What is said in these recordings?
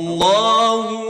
الله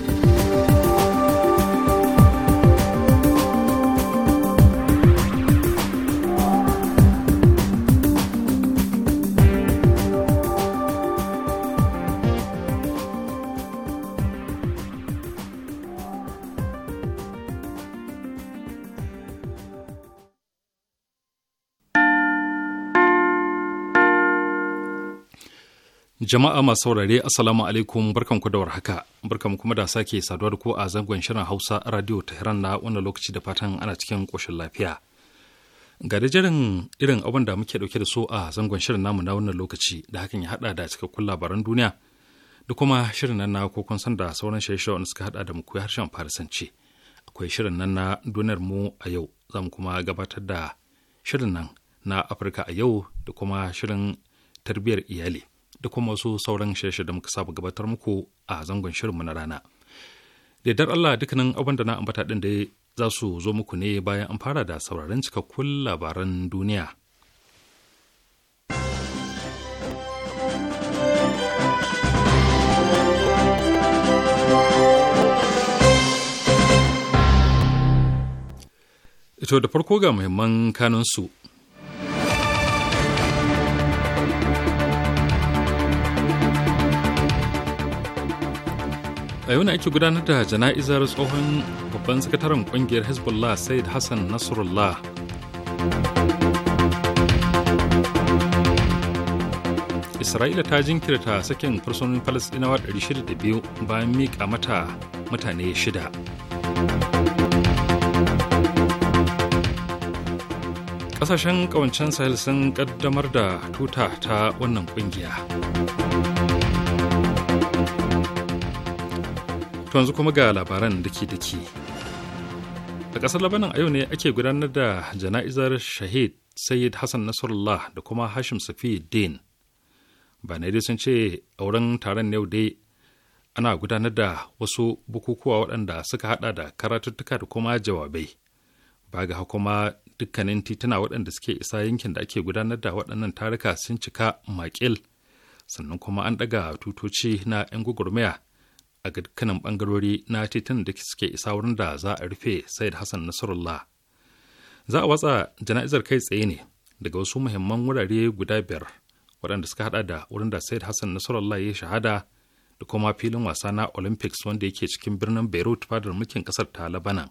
Jama'a masu saurare Assalamu alaikum barkanku da warhaka. Barkanku kuma da sake saduwa da ku a zangon shirin Hausa Radio Tehran na wannan lokaci da fatan ana cikin koshin lafiya. Ga da irin abin da muke dauke da su a zangon shirin namu na wannan lokaci da hakan ya hada da cikakkun labaran duniya da kuma shirin nan na kokon san da sauran shirye-shiryen suka hada da muku harshen Farisanci. Akwai shirin nan na duniyar mu a yau zamu kuma gabatar da shirin nan na Afirka a yau da kuma shirin tarbiyyar iyali. da kuma wasu sauran shirye da muka saba gabatar muku a zangon shirinmu na rana. daidar dar Allah dukkanin abin da na ambata ɗin da za su zo muku ne bayan an fara da sauraron cikakkun labaran duniya. Ito da farko ga muhimman kanunsu a yau na ake gudanar da jana'izar tsohon babban sakataren kungiyar hezbollah said hassan nasrullah isra'ila ta jinkirta sakin fursunonin falasɗinawa 602 bayan miƙa mata mutane shida kasashen kawancen sahel sun ƙaddamar da tuta ta wannan kungiya. To yanzu kuma ga labaran da ke dake. A ƙasar Labanan a yau ne ake gudanar da jana'izar Shahid Sayyid Hassan Nasrullah da kuma Hashim safi Din. Ba dai sun ce a wurin taron yau dai ana gudanar da wasu bukukuwa waɗanda suka haɗa da karatuttuka da kuma jawabai. Ba ga kuma dukkanin tituna waɗanda suke isa yankin da ake gudanar da waɗannan tarika sun cika makil sannan kuma an ɗaga tutoci na 'yan gugurmiya a dukkanin bangarori na titin da suke isa wurin da za a rufe said hassan nasarullah za a watsa jana'izar kai tsaye ne daga wasu muhimman wurare guda biyar waɗanda suka hada da wurin da said hassan Nasrullah ya shahada da kuma filin wasa na olympics wanda yake cikin birnin beirut fadar mulkin kasar ta a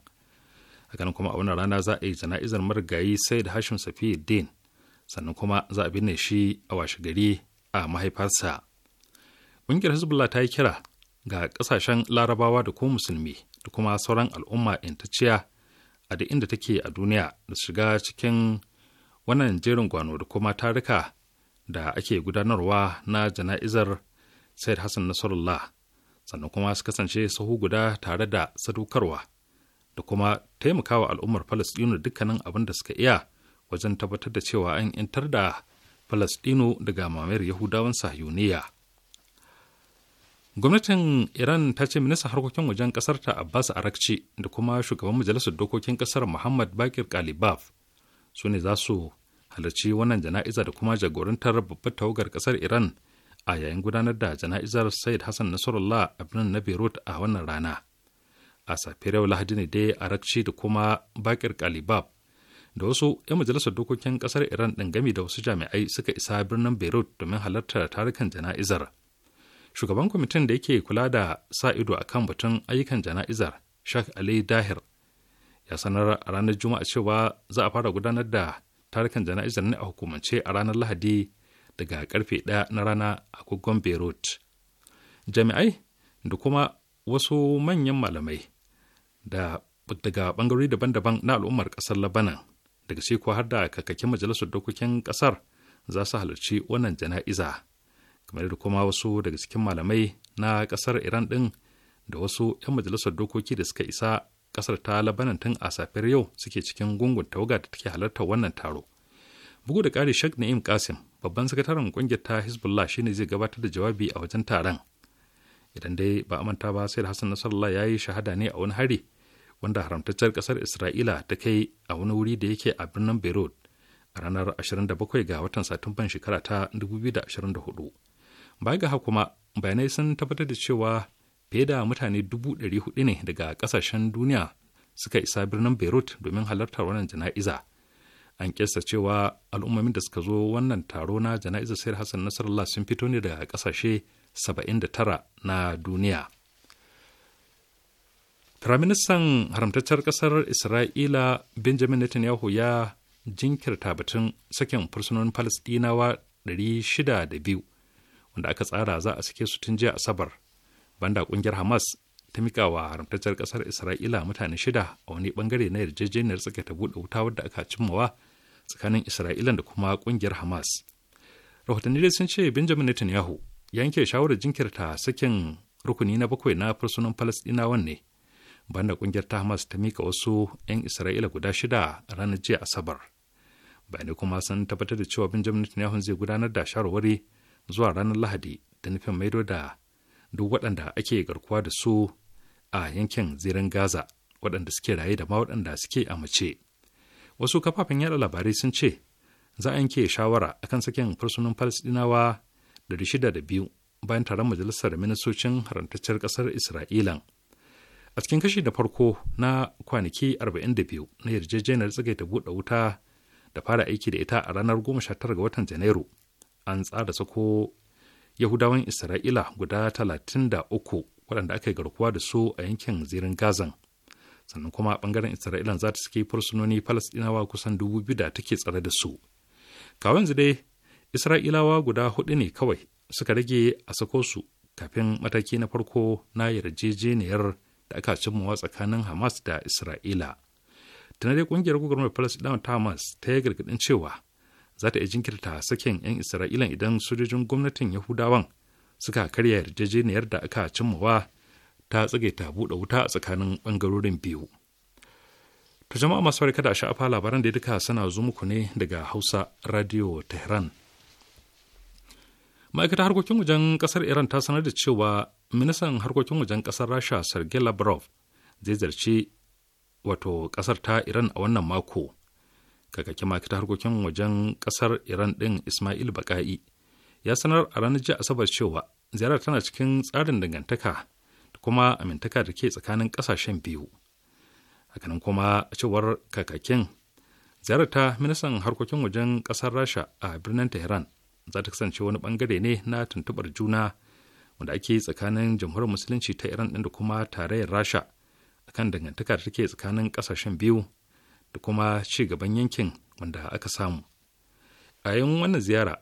hakan kuma a wannan rana za a yi jana'izar marigayi said hashim safi din sannan kuma za a binne shi a washe gari a mahaifarsa ƙungiyar hezbollah ta yi kira ga ƙasashen larabawa da ko musulmi da kuma sauran al'umma intacciya a da inda take a duniya da shiga cikin wannan jerin gwano da kuma tarika da ake gudanarwa na jana'izar said hassan nasarullah sannan kuma su kasance sahu guda tare da sadaukarwa da kuma taimakawa al'ummar falastinu dukkanin abin da suka iya wajen tabbatar da cewa an intar da falastinu daga mamayar yahudawan sahiyuniya gwamnatin iran ta ce ministan harkokin wajen kasar ta abbas arakci da kuma shugaban majalisar dokokin kasar muhammad bakir kalibaf su ne za su halarci wannan jana'izar da kuma jagorantar babbar tawagar kasar iran a yayin gudanar da jana'izar said hassan nasarullah a birnin na beirut a wannan rana a safiyar yau lahadi ne dai arakci da kuma bakir kalibaf da wasu 'yan majalisar dokokin kasar iran ɗin gami da wasu jami'ai suka isa birnin beirut domin halartar tarukan jana'izar shugaban kwamitin da yake kula da sa ido a kan batun ayyukan jana'izar shak ali dahir ya sanar a ranar juma'a cewa za a fara gudanar da tarukan jana'izar ne a hukumance a ranar lahadi daga karfe ɗaya na rana a kogon beirut jami'ai da kuma wasu manyan malamai da daga bangarori daban-daban na al'ummar kasar labanan daga ko har da kakakin majalisar dokokin kasar za su halarci wannan jana'iza kamar da kuma wasu daga cikin malamai na kasar iran din da wasu 'yan majalisar dokoki da suka isa kasar ta labanan tun a safiyar yau suke cikin gungun tawaga da take halartar wannan taro bugu da ƙari shak na'im kasim babban sakataren kungiyar ta hezbollah shine zai gabatar da jawabi a wajen taron idan dai ba a manta ba sai da hassan nasarallah ya yi shahada ne a wani hari wanda haramtaccen kasar isra'ila ta kai a wani wuri da yake a birnin beirut a ranar 27 ga watan satumban shekara ta 2024 Baya ga kuma bayanai sun tabbatar da cewa fiye da mutane dubu ɗari hudu ne daga ƙasashen duniya suka isa birnin Beirut domin halartar wannan jana'iza. An kesa cewa al'ummomin da suka zo wannan taro na jana'izar sayar Hassan Nasarallah sun fito ne daga ƙasashe 79 na duniya. Firaministan haramtaccen ƙasar Isra'ila Benjamin Netanyahu ya jinkirta batun sakin fursunonin Falasɗinawa 602 wanda aka tsara za a sake su tun jiya asabar banda kungiyar hamas ta mika wa haramtacciyar kasar isra'ila mutane shida a wani bangare na yarjejeniyar tsaka ta buɗe wuta wadda aka cimmawa tsakanin israila da kuma kungiyar hamas rahotanni dai sun ce benjamin netanyahu yanke shawarar jinkirta sakin rukuni na bakwai na fursunan falasɗinawan ne banda kungiyar ta hamas ta mika wasu 'yan isra'ila guda shida ranar jiya asabar bayanai kuma sun tabbatar da cewa benjamin netanyahu zai gudanar da shawarwari zuwa ranar lahadi da nufin maido da duk waɗanda ake garkuwa da su a yankin zirin gaza waɗanda suke raye da ma waɗanda suke a mace wasu kafafen yada labarai sun ce za a yanke shawara akan sakin fursunan falasɗinawa da shida da biyu bayan taron majalisar ministocin haramtacciyar ƙasar isra'ilan a cikin kashi da farko na kwanaki 42 na yarjejeniyar tsagaita buɗe wuta da fara aiki da ita a ranar 19 ga watan janairu an tsara sako yahudawan isra'ila guda talatin da uku waɗanda aka yi garkuwa da su a yankin zirin gazan sannan kuma ɓangaren isra'ilan za ta saki fursunoni falasɗinawa kusan dubu biyu da take tsare da su kawai yanzu dai isra'ilawa guda hudu ne kawai suka rage a sako su kafin mataki na farko na yarjejeniyar da aka cimmawa tsakanin hamas da isra'ila tana dai ƙungiyar gwagwarmar falasɗinawa ta hamas ta yi gargaɗin cewa za ta iya jinkirta sakin 'yan isra'ila idan sojojin gwamnatin yahudawan suka karya yarjejeniyar da aka cimma wa ta tsage ta buɗe wuta a tsakanin ɓangarorin biyu to jama'a masu farka da sha'afa labaran da ya duka suna zo muku ne daga hausa radio tehran ma'aikatar harkokin wajen kasar iran ta sanar da cewa ministan harkokin wajen kasar rasha sergei lavrov zai zarci wato kasar ta iran a wannan mako kakakin makita harkokin wajen kasar iran din ismail baka'i ya sanar a ranar jiya asabar cewa ziyarar tana cikin tsarin dangantaka da kuma amintaka da ke tsakanin kasashen biyu hakanan kuma a cewar kakakin ziyarar ta ministan harkokin wajen kasar rasha a birnin tehran za ta kasance wani bangare ne na tuntubar juna wanda ake tsakanin jamhuriyar musulunci ta iran din da kuma tarayyar rasha akan dangantaka da take tsakanin kasashen biyu da kuma ci gaban yankin wanda aka samu a yin wannan ziyara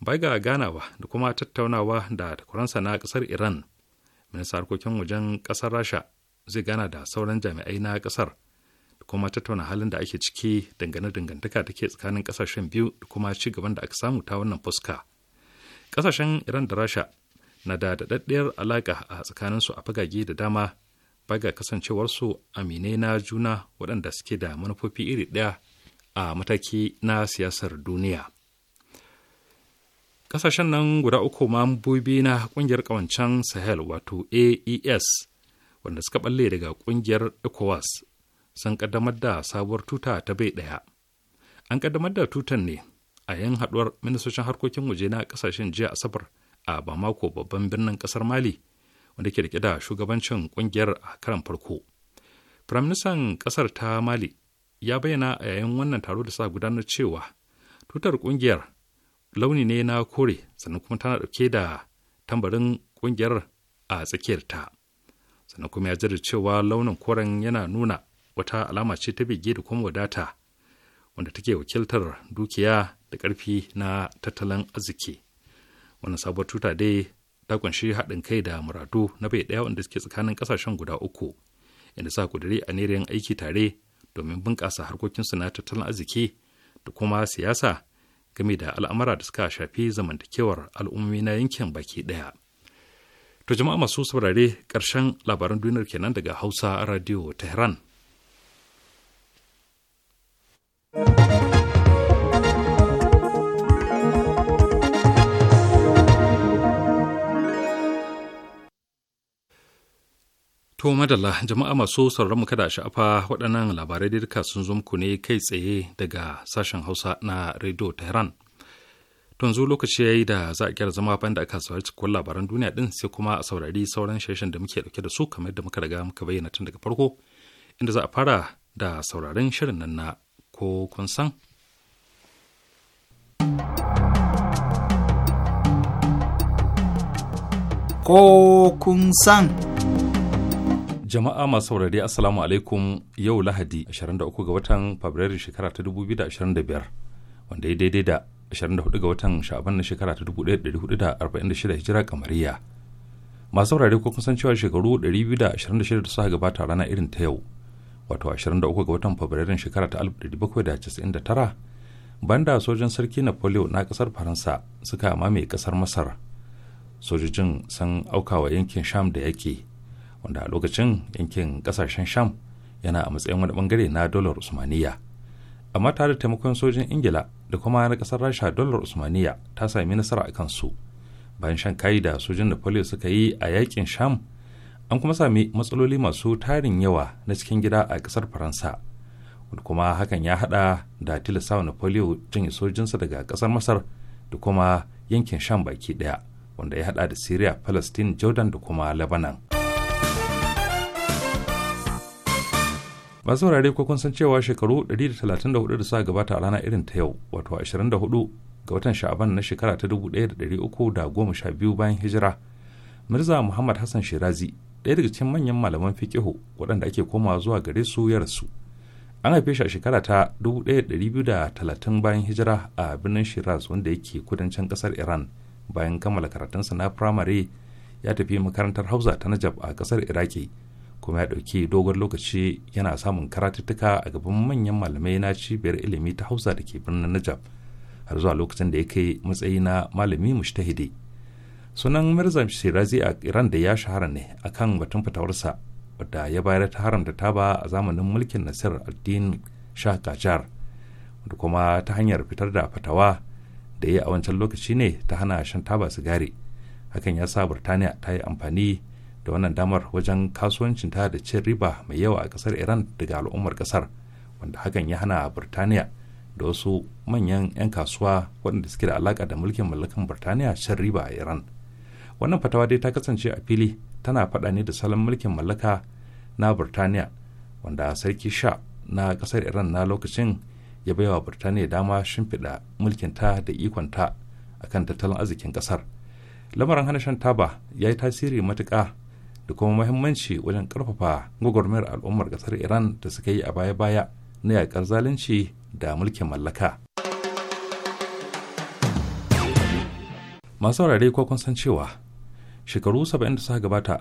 bai ga ganawa da kuma tattaunawa da takwaransa na kasar iran minista harkokin wajen kasar rasha zai gana da sauran jami'ai na kasar da kuma tattauna halin da ake ciki dangane dangantaka da ke tsakanin kasashen biyu da kuma ci gaban da aka samu ta wannan fuska kasashen iran da rasha na da daɗaɗɗiyar alaƙa a tsakaninsu a fagage da dama baga kasancewarsu amine na juna waɗanda suke da manufofi iri ɗaya a mataki na siyasar duniya ƙasashen nan guda uku mambobi na ƙungiyar ƙawancen sahel wato aes wanda suka ɓalle daga ƙungiyar ecowas sun ƙaddamar da sabuwar tuta ta bai ɗaya an ƙaddamar da tutan ne a yin haɗuwar ministocin harkokin waje na ƙasashen jiya asabar a bamako babban birnin ƙasar mali wanda ke rike da shugabancin kungiyar a karan farko firaministan kasar ta mali ya bayyana a yayin wannan taro da sa gudanar cewa tutar kungiyar launi ne na kore sannan kuma tana dauke da tambarin kungiyar a tsakiyar ta sannan kuma ya jira cewa launin koren yana nuna wata alama ce ta bege da kuma wadata wanda take wakiltar dukiya da karfi na tattalin arziki wannan sabuwar tuta dai ta kunshi haɗin kai da muradu na bai ɗaya wanda suke tsakanin ƙasashen guda uku inda sa kudiri a yin aiki tare domin bunƙasa harkokinsu na tattalin arziki da kuma siyasa game da al'amura da suka shafi zamantakewar al'ummomi na yankin baki ɗaya. To jama'a masu saurare ƙarshen labaran duniyar kenan daga Hausa Radio Tehran. To madalla jama'a masu sauraron mu kada sha'afa waɗannan labarai da duka sun zo muku ne kai tsaye daga sashen Hausa na Radio Tehran. To yanzu lokaci yayi da za a kira zama banda aka saurari cikin labaran duniya din sai kuma a saurari sauran sheshen da muke dauke da su kamar yadda muka riga muka bayyana tun daga farko inda za a fara da sauraron shirin nan na ko kun san. Ko kun san. Jama'a masu saurari Assalamu alaikum yau Lahadi 23 ga watan Fabrairu shekara ta 2025 wanda ya daidai da 24 ga watan Sha'aban na shekara ta 1446 Hijira kamariya. Masu saurari ko kusan cewa shekaru 226 da suka gabata rana irin ta yau wato 23 ga watan Fabrairun shekara ta 1799 banda sojan sarki Napoleon na kasar Faransa suka mamaye kasar Masar. Sojojin sun aukawa yankin Sham da yake wanda a lokacin yankin kasashen sham yana a matsayin wani bangare na dolar usmaniya amma tare da taimakon sojin ingila da kuma na kasar rasha dolar usmaniya ta sami nasara a kansu bayan shan kayi da sojin napoleon suka yi a yakin sham an kuma sami matsaloli masu tarin yawa na cikin gida a kasar faransa wanda kuma hakan ya hada da tilasta napoleon janye sojinsa daga kasar masar da kuma yankin sham baki daya wanda ya hada da syria palestine jordan da kuma lebanon masu wurare ko kun san cewa shekaru 134 da suka gabata a rana irin ta yau wato 24 ga watan sha'aban na shekara ta 1312 bayan hijira mirza muhammad hassan shirazi ɗaya daga cikin manyan malaman fiqihu waɗanda ake komawa zuwa gare su ya rasu an haife shi a shekara ta 1230 bayan hijira a birnin shiraz wanda yake kudancin ƙasar iran bayan kammala karatunsa na firamare ya tafi makarantar hausa ta najab a ƙasar iraki kuma ya ɗauki dogon lokaci yana samun karatuttuka a gaban manyan malamai na cibiyar ilimi ta hausa da ke birnin najab har zuwa lokacin da ya kai matsayi na malami mushtahidi sunan mirza shirazi a iran da ya shahara ne akan batun fitawarsa wadda ya bayar ta haramta taba a zamanin mulkin nasir addin shah kajar da kuma ta hanyar fitar da fatawa da ya a wancan lokaci ne ta hana shan taba sigari hakan ya sa burtaniya ta yi amfani da wannan damar wajen kasuwancin ta da cin riba mai yawa a kasar iran daga al'ummar kasar wanda hakan ya hana birtaniya da wasu manyan 'yan kasuwa waɗanda suke da alaƙa da mulkin mallakan birtaniya cin riba a iran wannan fatawa dai ta kasance a fili tana faɗa ne da salon mulkin mallaka na birtaniya wanda sarki sha na kasar iran na lokacin ya baiwa birtaniya dama shimfiɗa ta da ikon ta akan tattalin arzikin kasar. lamarin hana shan taba ya yi tasiri matuƙa da kuma mahimmanci wajen karfafa gwagwarmayar al'ummar kasar iran da suka yi a baya-baya na yakar zalunci da mulkin mallaka masu saurare ko kun san cewa shekaru 70 da suka gabata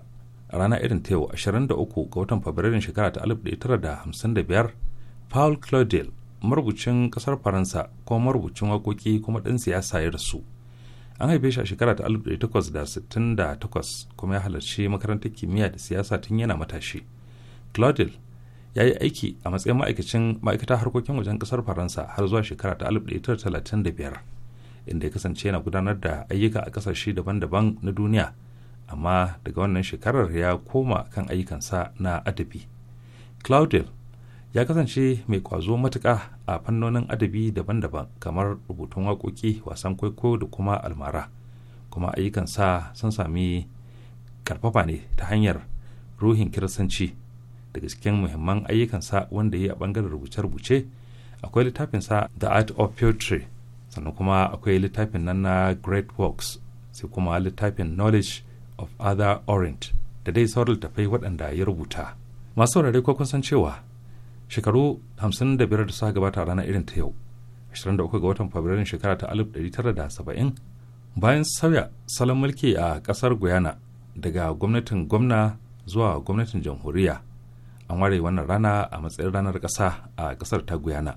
a rana irin ta yau 23 ga watan fabrairun shekara ta 1955 paul claudel marubucin kasar faransa ko marubucin waƙoƙi kuma ɗan siyasa ya rasu an haife shi a shekara ta 1868 kuma ya halarci makarantar kimiyya da siyasa tun yana matashi claudel ya yi aiki a matsayin ma'aikacin ma'aikata harkokin wajen kasar faransa har zuwa shekara ta 1935 inda ya kasance yana gudanar da ayyuka a kasashe daban-daban na duniya amma daga wannan shekarar ya koma kan ayyukansa na adabi claudel ya kasance mai kwazo matuka a fannonin adabi daban-daban kamar rubutun waƙoƙi wasan kwaikwayo da kuma almara kuma sa sun sami karfafa ne ta hanyar ruhin kirsanci daga cikin muhimman sa wanda ya yi a bangaren rubuce-rubuce akwai sa the art of poetry sannan kuma akwai littafin nan na great works sai kuma littafin knowledge of other orient da dai sauran littafai waɗanda ya rubuta masu saurare ko kun san cewa shekaru 55 da suka gabata a ranar irin ta yau 23 ga watan fabrairun shekara ta 1970 bayan sauya salon mulki a kasar guyana daga gwamnatin gwamna zuwa gwamnatin jamhuriya an ware wannan rana a matsayin ranar kasa a kasar ta guyana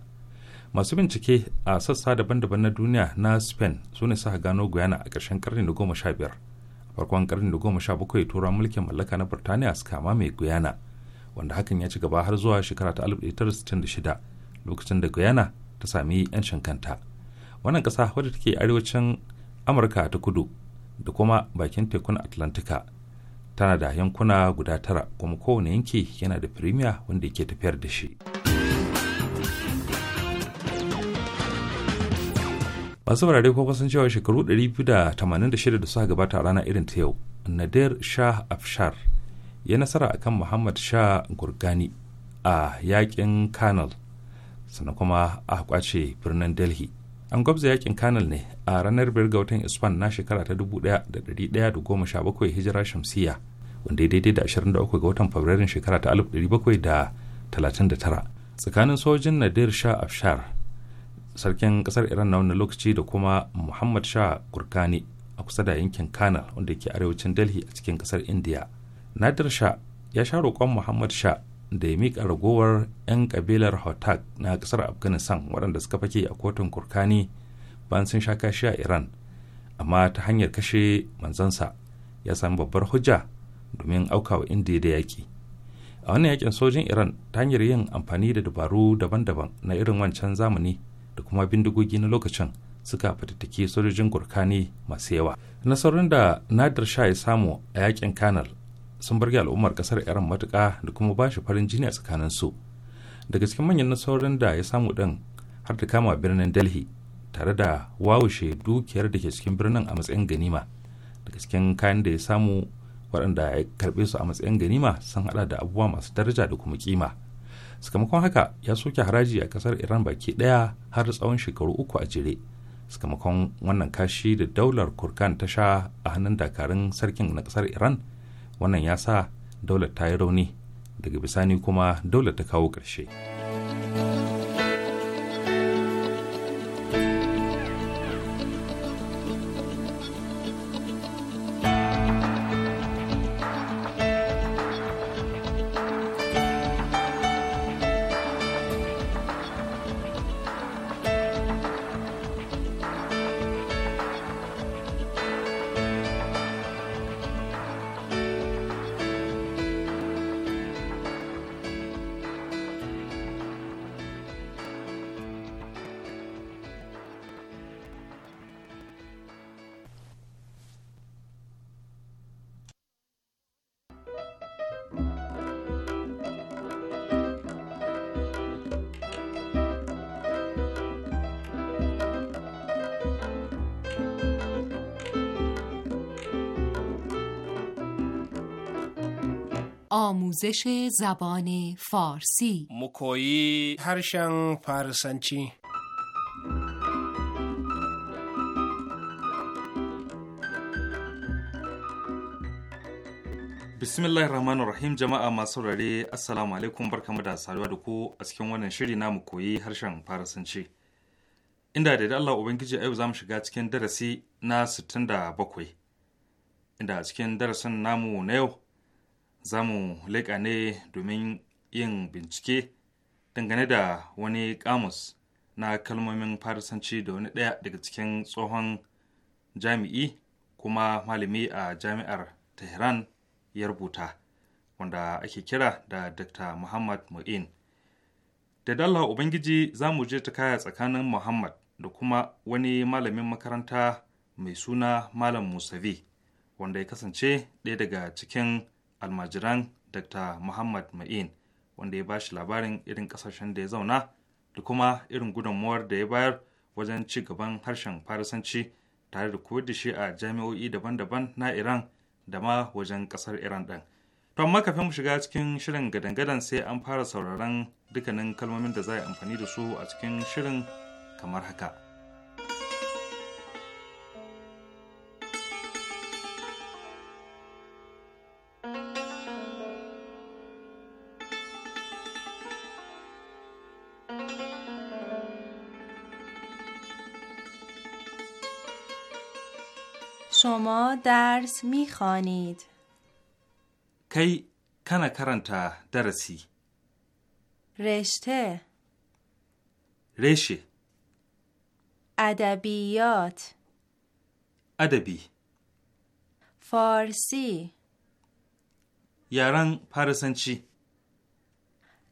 masu bincike a sassa daban-daban na duniya na spain su ne suka gano guyana a ƙarshen ƙarni na goma sha biyar farkon ƙarni na goma sha bakwai tura mulkin mallaka na birtaniya kama mai guyana wanda hakan ya ci gaba har zuwa shekara ta 1966 lokacin da guyana ta sami 'yancin kanta wannan ƙasa wadda take arewacin amurka ta kudu da kuma bakin tekun atlantika tana da yankuna guda tara kuma kowane yanki yana da firimiya wanda yake tafiyar da shi masu wurare ko kusan cewa shekaru 286 da suka gabata a ranar irin ta yau nadir shah afshar ya nasara akan muhammad sha gurgani a yakin kanal sannan kuma a kwace birnin delhi an gwabza yakin kanal ne a ranar biyar ga watan isfan na shekara ta 1117 hijira shamsiya wanda ya daidai da 23 ga watan fabrairun shekara ta 1739 tsakanin sojin nadir sha afshar sarkin kasar iran na wannan lokaci da kuma muhammad sha gurkani a kusa da yankin kanal wanda ke arewacin delhi a cikin kasar india nadir sha ya sha roƙon muhammad sha da ya miƙa ragowar 'yan ƙabilar hotak na ƙasar afghanistan waɗanda suka fake a kotun kurkani bayan sun sha kashi a iran amma ta hanyar kashe manzansa ya sami babbar hujja domin auka aukawa indiya da yaƙi a wannan yakin sojin iran ta hanyar yin amfani da dabaru daban-daban na irin wancan zamani da kuma bindigogi na lokacin suka fatattaki sojojin gurkani masu yawa nasarorin da nadir sha ya samu a yakin kanal sun barge al'ummar kasar iran matuka da kuma ba shi farin jini a tsakanin su daga cikin manyan nasarorin da ya samu din har ta kama birnin delhi tare da wawushe dukiyar da ke cikin birnin a matsayin ganima daga cikin kayan da ya samu waɗanda ya karɓe su a matsayin ganima sun haɗa da abubuwa masu daraja da kuma kima sakamakon haka ya soke haraji a kasar iran baki ɗaya har tsawon shekaru uku a jere sakamakon wannan kashi da daular kurkan ta sha a hannun dakarun sarkin na kasar iran wannan ya sa daular ta yi rauni daga bisani kuma daular ta kawo ƙarshe. آموزش زبان فارسی مکویی هرشن فارسنچی Bismillahir Rahmanir Rahim jama'a masu rare Assalamu alaikum barkamu da saduwa da ku a cikin wannan shiri mu koyi harshen Farasanci. Inda da Allah Ubangiji yau zamu shiga cikin darasi na 67. Inda a cikin darasin namu na yau za mu leƙa ne domin yin bincike dangane da wani kamus na kalmomin farisanci da wani ɗaya daga cikin tsohon jami'i kuma malami a jami'ar tehran ya rubuta wanda ake kira da dr muhammad mu'in da dalla ubangiji za mu je ta kaya tsakanin muhammad da kuma wani malamin makaranta mai suna malam musavi wanda ya kasance ɗaya daga cikin almajiran dr muhammad ma'in wanda ya ba shi labarin irin kasashen da ya zauna da kuma irin gudunmuwar da ya bayar wajen ci gaban harshen farisanci tare da koyar da shi a jami'o'i daban-daban na iran da ma wajen kasar iran ɗin to amma kafin mu shiga cikin shirin gadangadan sai an fara sauraron dukkanin kalmomin da za a amfani da su a cikin shirin kamar haka ما درس خانید. کی کنا کرانتا درسی رشته رشه ادبیات ادبی فارسی یاران پارسنچی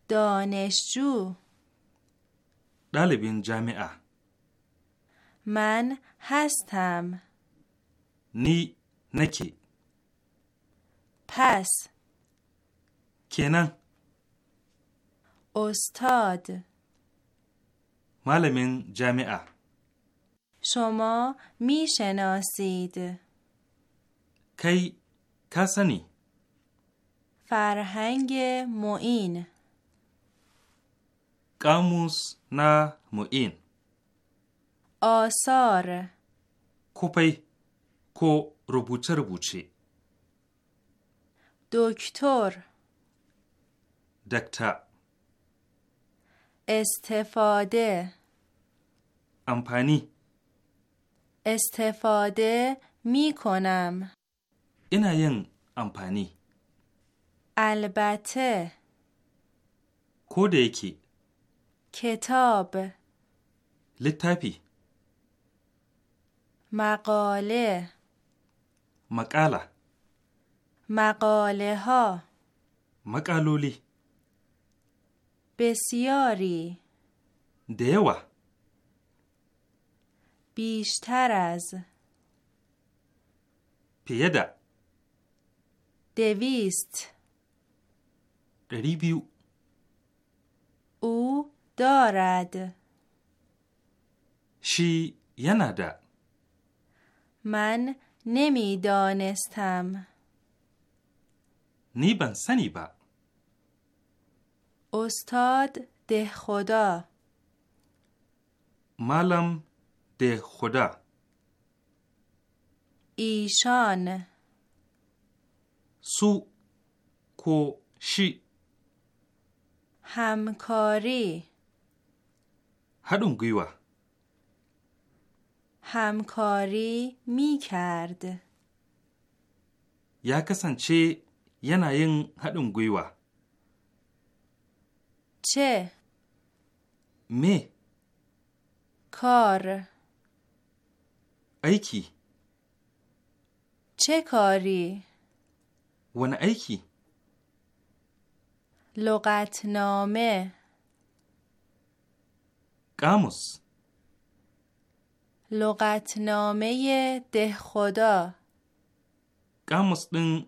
دانشجو دالبین جامعه من هستم نی نکی پس کنه استاد معلم جامعه شما می شناسید کی کسنی فرهنگ معین کاموس نه معین آثار کوپی کو روبوچه دکتر دکتر استفاده امپانی استفاده می کنم این ین امپانی البته کوده کتاب لطفی مقاله مقاله مقاله ها مقالولی بسیاری دیوه بیشتر از پیده دویست ریویو او دارد شی ده من نمیدانستم نی بن سنی استاد ده خدا معلم ده خدا ایشان سو کو شی همکاری هدون گیوه hamkari mi kard. Ya kasance yana yin haɗin gwiwa. Ce. Me. Kor. Aiki. Ce kori. Wani aiki. Lugatname. Kamus. Kamus. لغتنامه دهخدا گمستن ده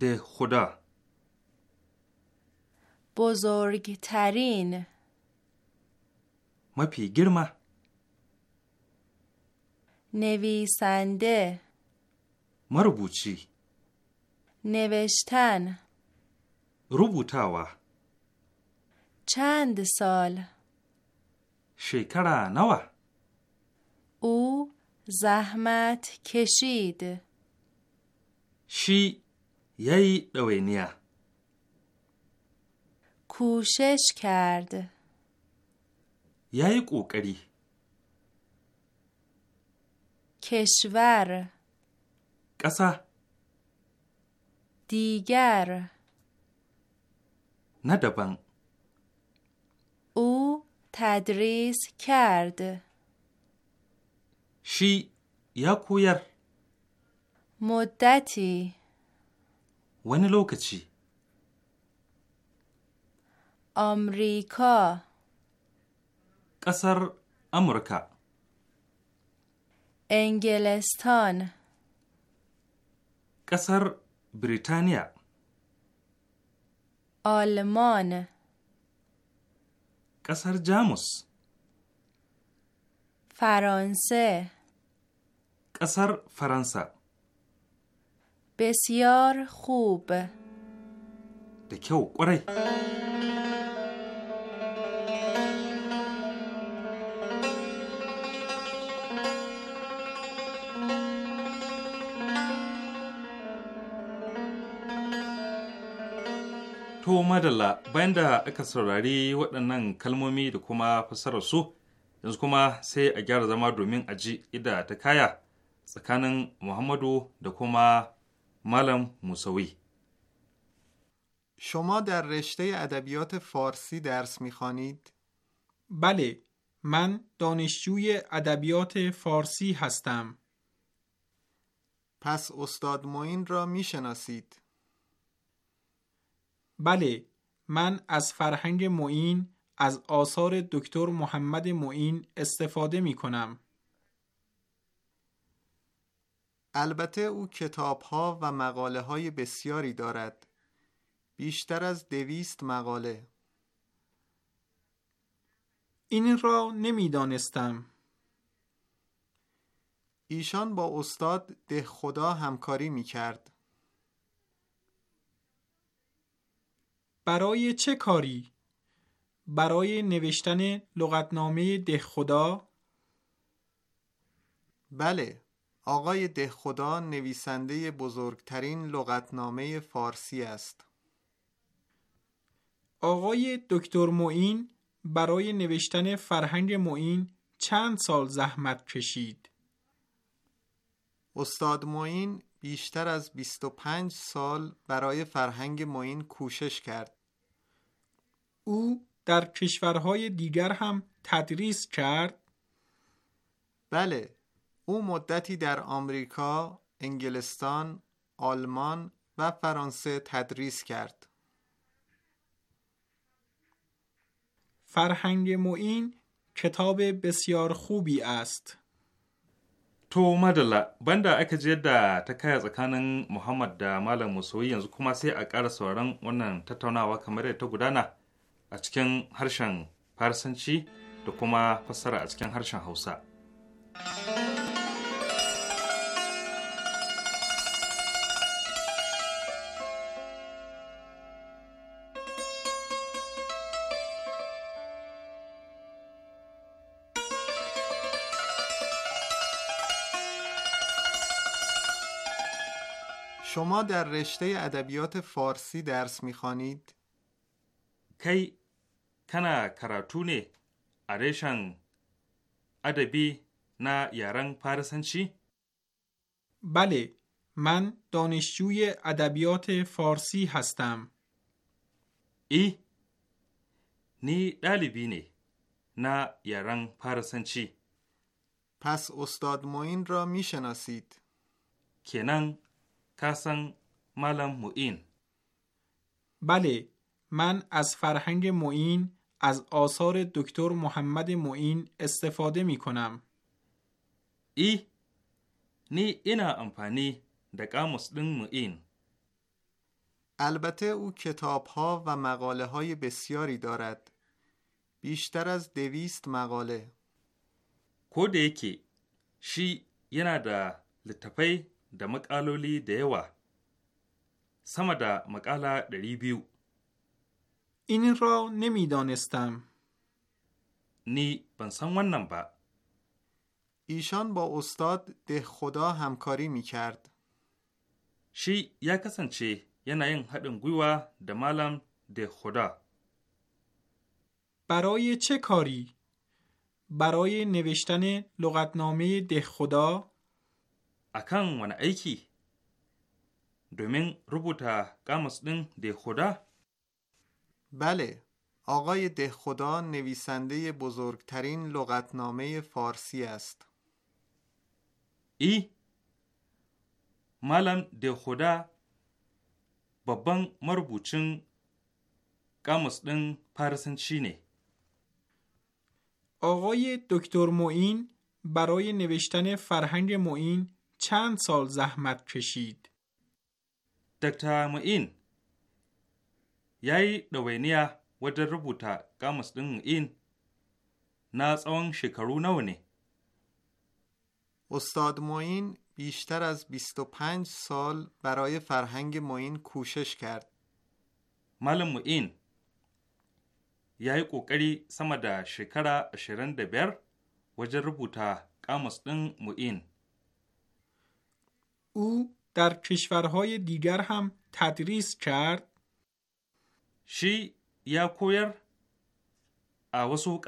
دهخدا بزرگترین مپی گرما نویسنده مربوچی نوشتن روبوتاوا چند سال شکر نوه او زحمت کشید شی یی دوینیا کوشش کرد یی کوکری کشور قسا دیگر ندبن او تدریس کرد shi ya koyar. Motati. Wani lokaci. Amurka. Kasar Amurka. Ingilistan. Kasar Birtaniya. Alman. Ƙasar Jamus. Faransa. قصر فرانسه بسیار خوب دکه و قره To madalla bayan da aka saurari waɗannan kalmomi da kuma fassararsu, yanzu kuma sai a gyara zama domin a ji ida ta kaya tsakanin محمدو da kuma ملم موسوی شما در رشته ادبیات فارسی درس میخوانید؟ بله، من دانشجوی ادبیات فارسی هستم. پس استاد موین را میشناسید؟ بله، من از فرهنگ موین، از آثار دکتر محمد موین استفاده می کنم. البته او کتاب ها و مقاله های بسیاری دارد بیشتر از دویست مقاله این را نمیدانستم ایشان با استاد ده خدا همکاری می کرد برای چه کاری؟ برای نوشتن لغتنامه ده خدا؟ بله آقای دهخدا نویسنده بزرگترین لغتنامه فارسی است. آقای دکتر معین برای نوشتن فرهنگ معین چند سال زحمت کشید. استاد معین بیشتر از 25 سال برای فرهنگ معین کوشش کرد. او در کشورهای دیگر هم تدریس کرد؟ بله، او مدتی در آمریکا، انگلستان، آلمان و فرانسه تدریس کرد. فرهنگ معین کتاب بسیار خوبی است. To madalla banda aka ji yadda ta kaya tsakanin Muhammad da Malam Musoyi yanzu kuma sai a ƙara sauran wannan tattaunawa kamar da ta gudana a cikin harshen Farsanci da kuma fassara a cikin harshen Hausa. شما در رشته ادبیات فارسی درس میخوانید؟ کی کنا کراتو ارشن ادبی نه یارن چی بله من دانشجوی ادبیات فارسی هستم. ای نی دلیبی نه نه یارن چی پس استاد معین را میشناسید؟ کنن کسن ملم موین بله من از فرهنگ معین از آثار دکتر محمد موین استفاده می کنم ای نی اینا امپانی دقاموس دن البته او کتاب ها و مقاله های بسیاری دارد بیشتر از دویست مقاله کده که شی یه نده ده مقالولی ده yawa این را نمیدانستم. نی بن سن wannan ایشان با استاد ده خدا همکاری می شی یا یه yana yin haɗin gwiwa da malam ده برای چه کاری؟ برای نوشتن لغتنامه ده خدا؟ akan wani aiki domin rubuta kamus ɗin دهخدا بله آقای دهخدا نویسنده بزرگترین لغتنامه فارسی است ای مالم دهخدا babban marubucin kamus ɗin Farisanci چینه آقای دکتر معین برای نوشتن فرهنگ معین چند سال زحمت کشید دکتر معین یای دوینیا وجر ربوتا کامس دن این نا تسون شکرو استاد معین بیشتر از 25 سال برای فرهنگ معین کوشش کرد معلم معین یای کوکری سما شکره شکرا 25 وجر ربوتا کامس دن معین او در کشورهای دیگر هم تدریس کرد؟ شی یا کویر اوسو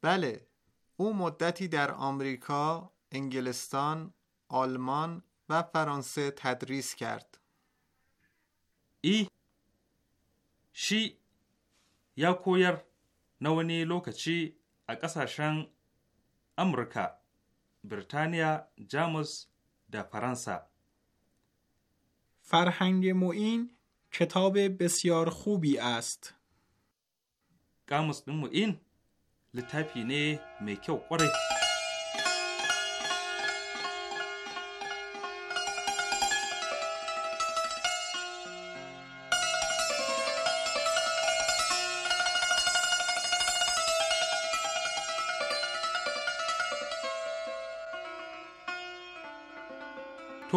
بله او مدتی در آمریکا، انگلستان، آلمان و فرانسه تدریس کرد. ای شی یا کویر نونی لوکچی ا امریکا امریکا. بریتانیا، جاموس دا فرانسه فرهنگ معین کتاب بسیار خوبی است. دین معین littafi نه mai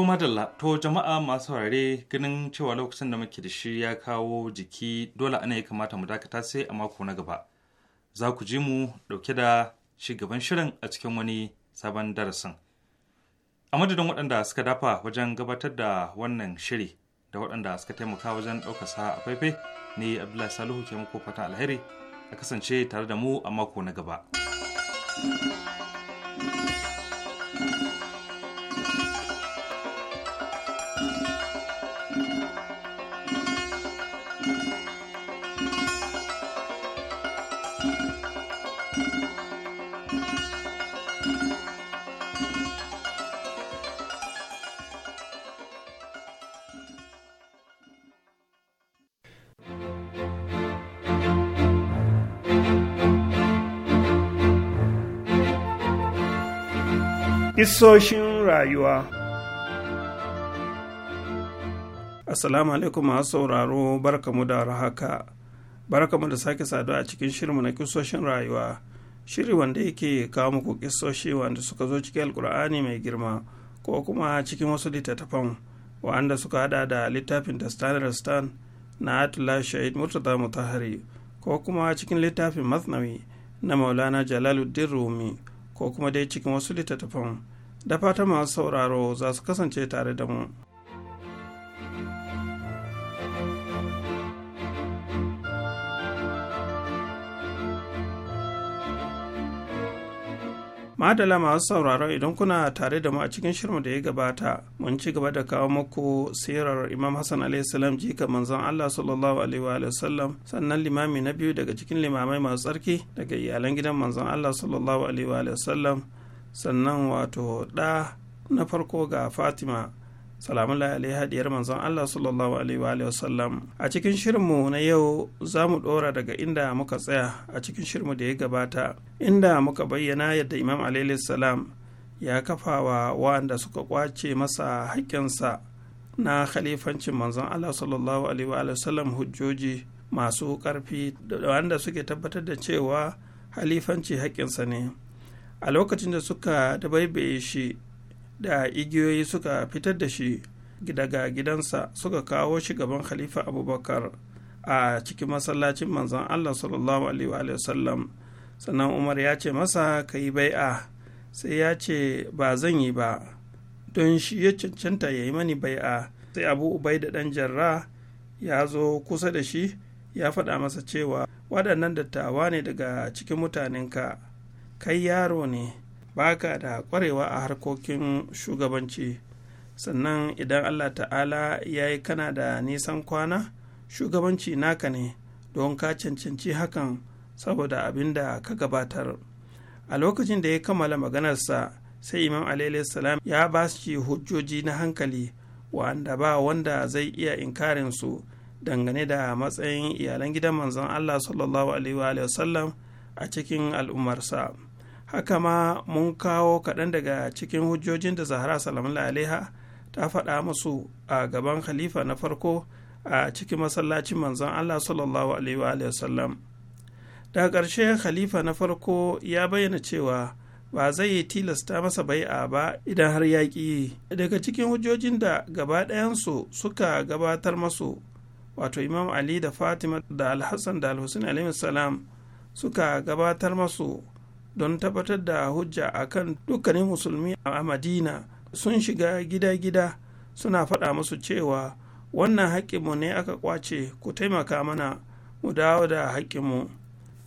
kuma madalla, to jama'a masu saurare ganin cewa lokacin da muke da shi ya kawo jiki dole ana ya kamata mu dakata sai a mako na gaba. Za ku ji mu ɗauke da shigaban shirin a cikin wani sabon darasin. A madadin waɗanda suka dafa wajen gabatar da wannan shiri da waɗanda suka taimaka wajen ɗaukasa a faifai ne Abdullahi Salihu ke muku fatan alheri a kasance tare da mu a mako na gaba. Hissoshin rayuwa Assalamu alaikum masu sauraro barkamu da rahaka barkamu da sake saduwa a cikin shirinmu na kisoshin rayuwa shiri wanda yake kawo muku kisoshi wanda suka zo cikin alkur'ani mai girma ko kuma cikin wasu littattafan wa'anda suka hada da littafin da standard stand na atula shahid murtaza mutahari ko kuma cikin littafin masnawi na maulana jalaluddin rumi ko kuma dai cikin wasu littattafan da fata masu sauraro za su kasance tare da mu. Madala masu sauraro idan kuna tare da mu a cikin shirmu da ya gabata, mun ci gaba da kawo muku sirar Imam Hassan salam jika manzon Allah sallallahu alaihi wa sannan limami na biyu daga cikin limamai masu tsarki daga iyalan gidan manzon Allah sallallahu alaihi wa sannan wato ɗa na farko ga fatima salamun alaihi hadiyar manzon Allah sallallahu alaihi wasallam a cikin shirinmu na yau za mu ɗora daga inda muka tsaya a cikin shirinmu da ya gabata inda muka bayyana yadda imam alaihi salam ya kafa wa wanda suka kwace masa haƙƙinsa na khalifancin manzon Allah sallallahu alaihi wasallam hujjoji masu ƙarfi da wanda suke tabbatar da cewa halifanci haƙƙinsa ne a lokacin da suka dabaibaye shi da igiyoyi suka fitar da shi daga gidansa suka kawo shi gaban khalifa abubakar a cikin masallacin manzon allah sallallahu alaihi sallam sannan umar ya ce masa ka yi bai'a sai ya ce ba zan yi ba don shi ya cancanta ya yi mani bai'a sai abu ubai da ɗan jarra ya zo kusa da shi ya faɗa masa cewa waɗannan dattawa ne daga cikin mutanenka kai yaro ne baka da kwarewa a harkokin shugabanci sannan idan allah ta'ala ya yi kana da nisan kwana shugabanci naka ne don ka cancanci hakan saboda abin da ka gabatar a lokacin da ya kammala maganarsa sai imam salam ya ba shi hujjoji na hankali wa'anda ba wanda zai iya inkarin su dangane da matsayin iyalan gidan manzon allah sallallahu alaihi a cikin al'ummarsa. haka ma mun kawo kaɗan daga cikin hujjojin da zahara salamun alaiha ta faɗa musu a gaban khalifa na farko a cikin masallacin manzon allah sallallahu alaihi wa sallam daga ƙarshe khalifa na farko ya bayyana cewa ba zai yi tilasta masa bai'a ba idan har yaƙi daga cikin hujjojin da gaba ɗayansu suka gabatar masu wato imam ali da fatima da alhassan da alhussein salam suka gabatar masu don tabbatar da hujja a kan dukkanin musulmi a madina sun shiga gida-gida suna faɗa musu cewa wannan haƙƙinmu ne aka ƙwace ku taimaka mana mu dawo da haƙƙinmu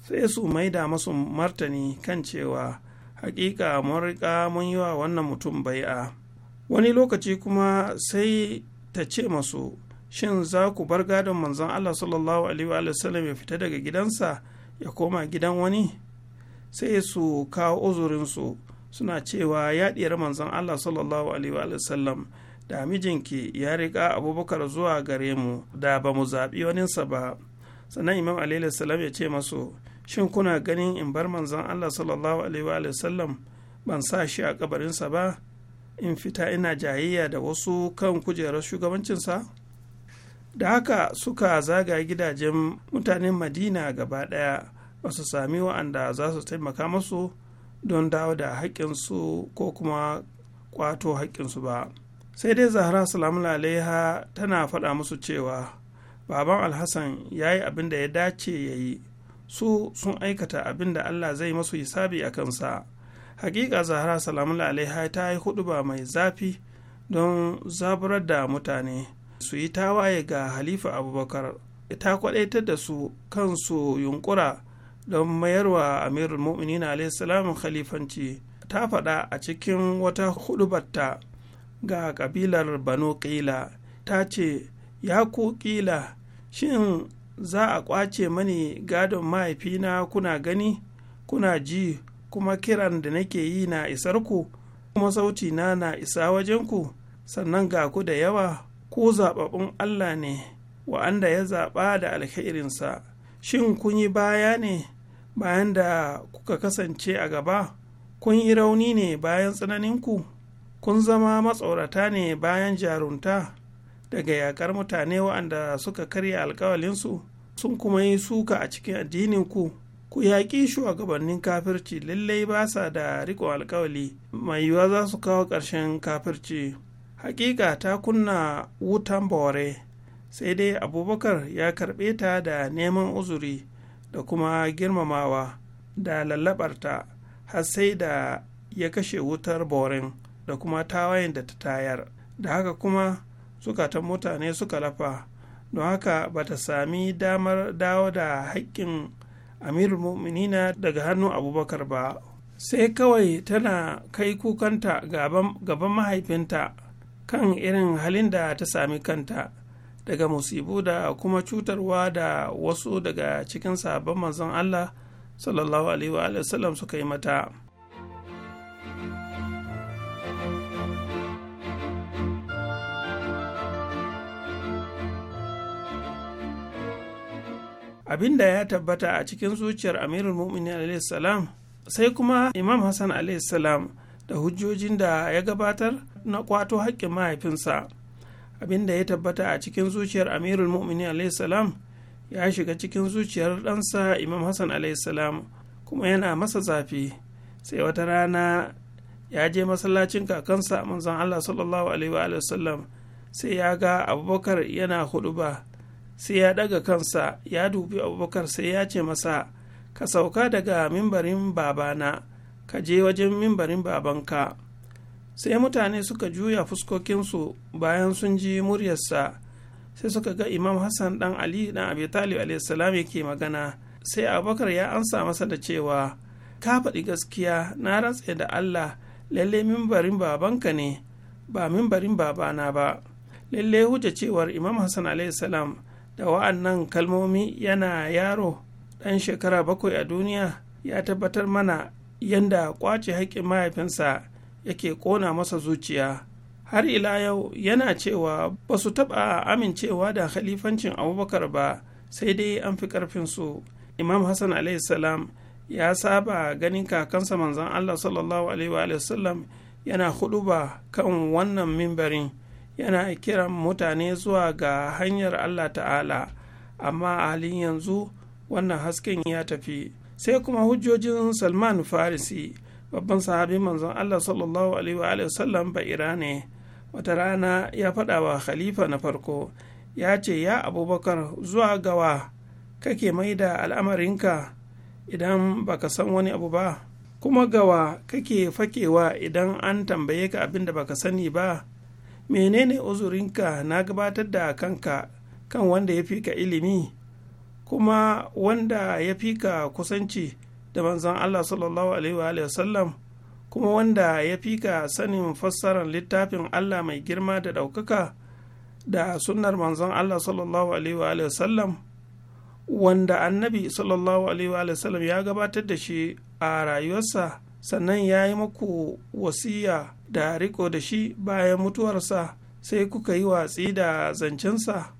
sai su maida masu martani kan cewa haƙiƙa mun riƙa mun yi wa wannan mutum bai'a wani lokaci kuma sai ta ce masu shin za ku bar gadon manzon Allah sallallahu alaihi wa sallam ya fita daga gidansa ya koma gidan wani sai su kawo uzurinsu suna cewa ya ɗiyar manzon Allah sallallahu alaihi wa da mijinki ya riƙa abubakar zuwa gare mu da ba mu zaɓi waninsa ba sannan imam alaihi ya ce masu shin kuna ganin in bar manzon Allah sallallahu alaihi wa ban sa shi a kabarinsa ba in fita ina jayayya da wasu kan kujerar shugabancinsa da haka suka zaga gidajen mutanen madina gaba ɗaya ba su sami wa'anda za su taimaka masu don dawo da haƙƙinsu ko kuma ƙwato haƙƙinsu ba sai dai zahra salamu alaiha tana faɗa musu cewa baban alhassan ya yi abin da ya dace ya yi su sun aikata abin da allah zai masu hisabi a kansa hakika zahra salamu alaiha ta yi huɗuba mai zafi don zaburar da mutane su yi tawaye ga halifa abubakar ta kwadaitar da su kansu yunkura don mayarwa amirul mu'minin alaihi khalifanci ta faɗa a cikin wata hudubarta ga kabilar banu ƙila ta ce ya ku ƙila shin za a ƙwace mani gadon mahaifina kuna gani kuna ji kuma kiran da nake yi na isar ku kuma sauti na na isa wajen ku sannan ga ku da yawa ku zaɓaɓɓun allah ne wa'anda ya zaɓa da alkhairinsa shin kun yi baya ne bayan da kuka kasance a gaba kun yi rauni ne bayan tsananinku kun zama matsorata ne bayan jarunta daga yakar mutane waɗanda suka karya alkawalinsu sun kuma yi suka a cikin addininku ku yaƙi shugabannin kafirci lallai ba sa da riƙon alkawali mai yiwuwa za su kawo ƙarshen kafirci hakika ta kunna wutan bore sai dai abubakar ya karɓe ta da neman uzuri da kuma girmamawa da lallabarta har sai da ya kashe wutar borin da kuma tawayen da ta tayar da haka kuma zukatan mutane suka lafa don haka ba ta sami damar dawo da haƙƙin amirul mu'minina daga hannun abubakar ba sai kawai tana kai kukanta gaban mahaifinta kan irin halin da ta sami kanta daga musibu da kuma cutarwa da wasu daga cikin sabon manzon Allah sallallahu alaihi wa sallam suka yi mata abin da ya tabbata a cikin zuciyar amirul mu'minin salam sai kuma imam hassan salam da hujjojin da ya gabatar na kwato haƙƙin mahaifinsa Abin da ya tabbata a cikin zuciyar amirul mu'mini salam ya shiga cikin zuciyar ɗansa imam hassan salam kuma yana masa zafi sai wata rana ya je masallacin kakansa manzon allah sallallahu alaihi wa sai ya ga abubakar yana huduba sai ya ɗaga kansa ya dubi abubakar sai ya ce masa ka sauka daga mimbarin babana ka je wajen mimbarin babanka sai mutane suka juya fuskokinsu bayan sun ji muryarsa sai suka ga imam hassan dan ali dan abi talib alaihissalam yake magana sai abubakar ya ansa masa da cewa ka faɗi gaskiya na rantse da allah lalle mimbarin babanka ne ba mimbarin babana ba lalle hujja cewar imam hassan alaihissalam da wa'annan kalmomi yana yaro ɗan shekara bakwai a duniya ya tabbatar mana yanda kwace haƙƙin mahaifinsa yake ƙona masa zuciya har ila yau yana cewa ba su taɓa amincewa da khalifancin abubakar ba sai dai an fi ƙarfinsu imam hassan salam ya saba ganin kakansa manzan allah sallallahu alaihi yana huɗuba kan wannan mimbarin yana kiran mutane zuwa ga hanyar allah ta'ala amma a halin yanzu wannan hasken ya tafi sai kuma hujjojin salman farisi babban sahabi manzon Allah sallallahu alaihi wa sallam ba'ira ne wata rana ya faɗa wa khalifa na farko ya ce ya abubakar zuwa gawa kake mai da al'amarinka idan baka san wani abu ba kuma gawa kake fakewa idan an tambaye ka abin da baka sani ba menene uzurinka na gabatar da kanka kan wanda ya fi ka ilimi kuma wanda ya fi ka kusanci da manzan Allah sallallahu alaihi wa sallam kuma wanda ya fika sanin fassarar littafin Allah mai girma da ɗaukaka da sunnar manzon Allah sallallahu alaihi wa sallam wanda annabi sallallahu alaihi wa sallam ya gabatar da shi a rayuwarsa sannan ya yi maku wasiya da riko da shi bayan mutuwarsa sai kuka yi watsi da zancensa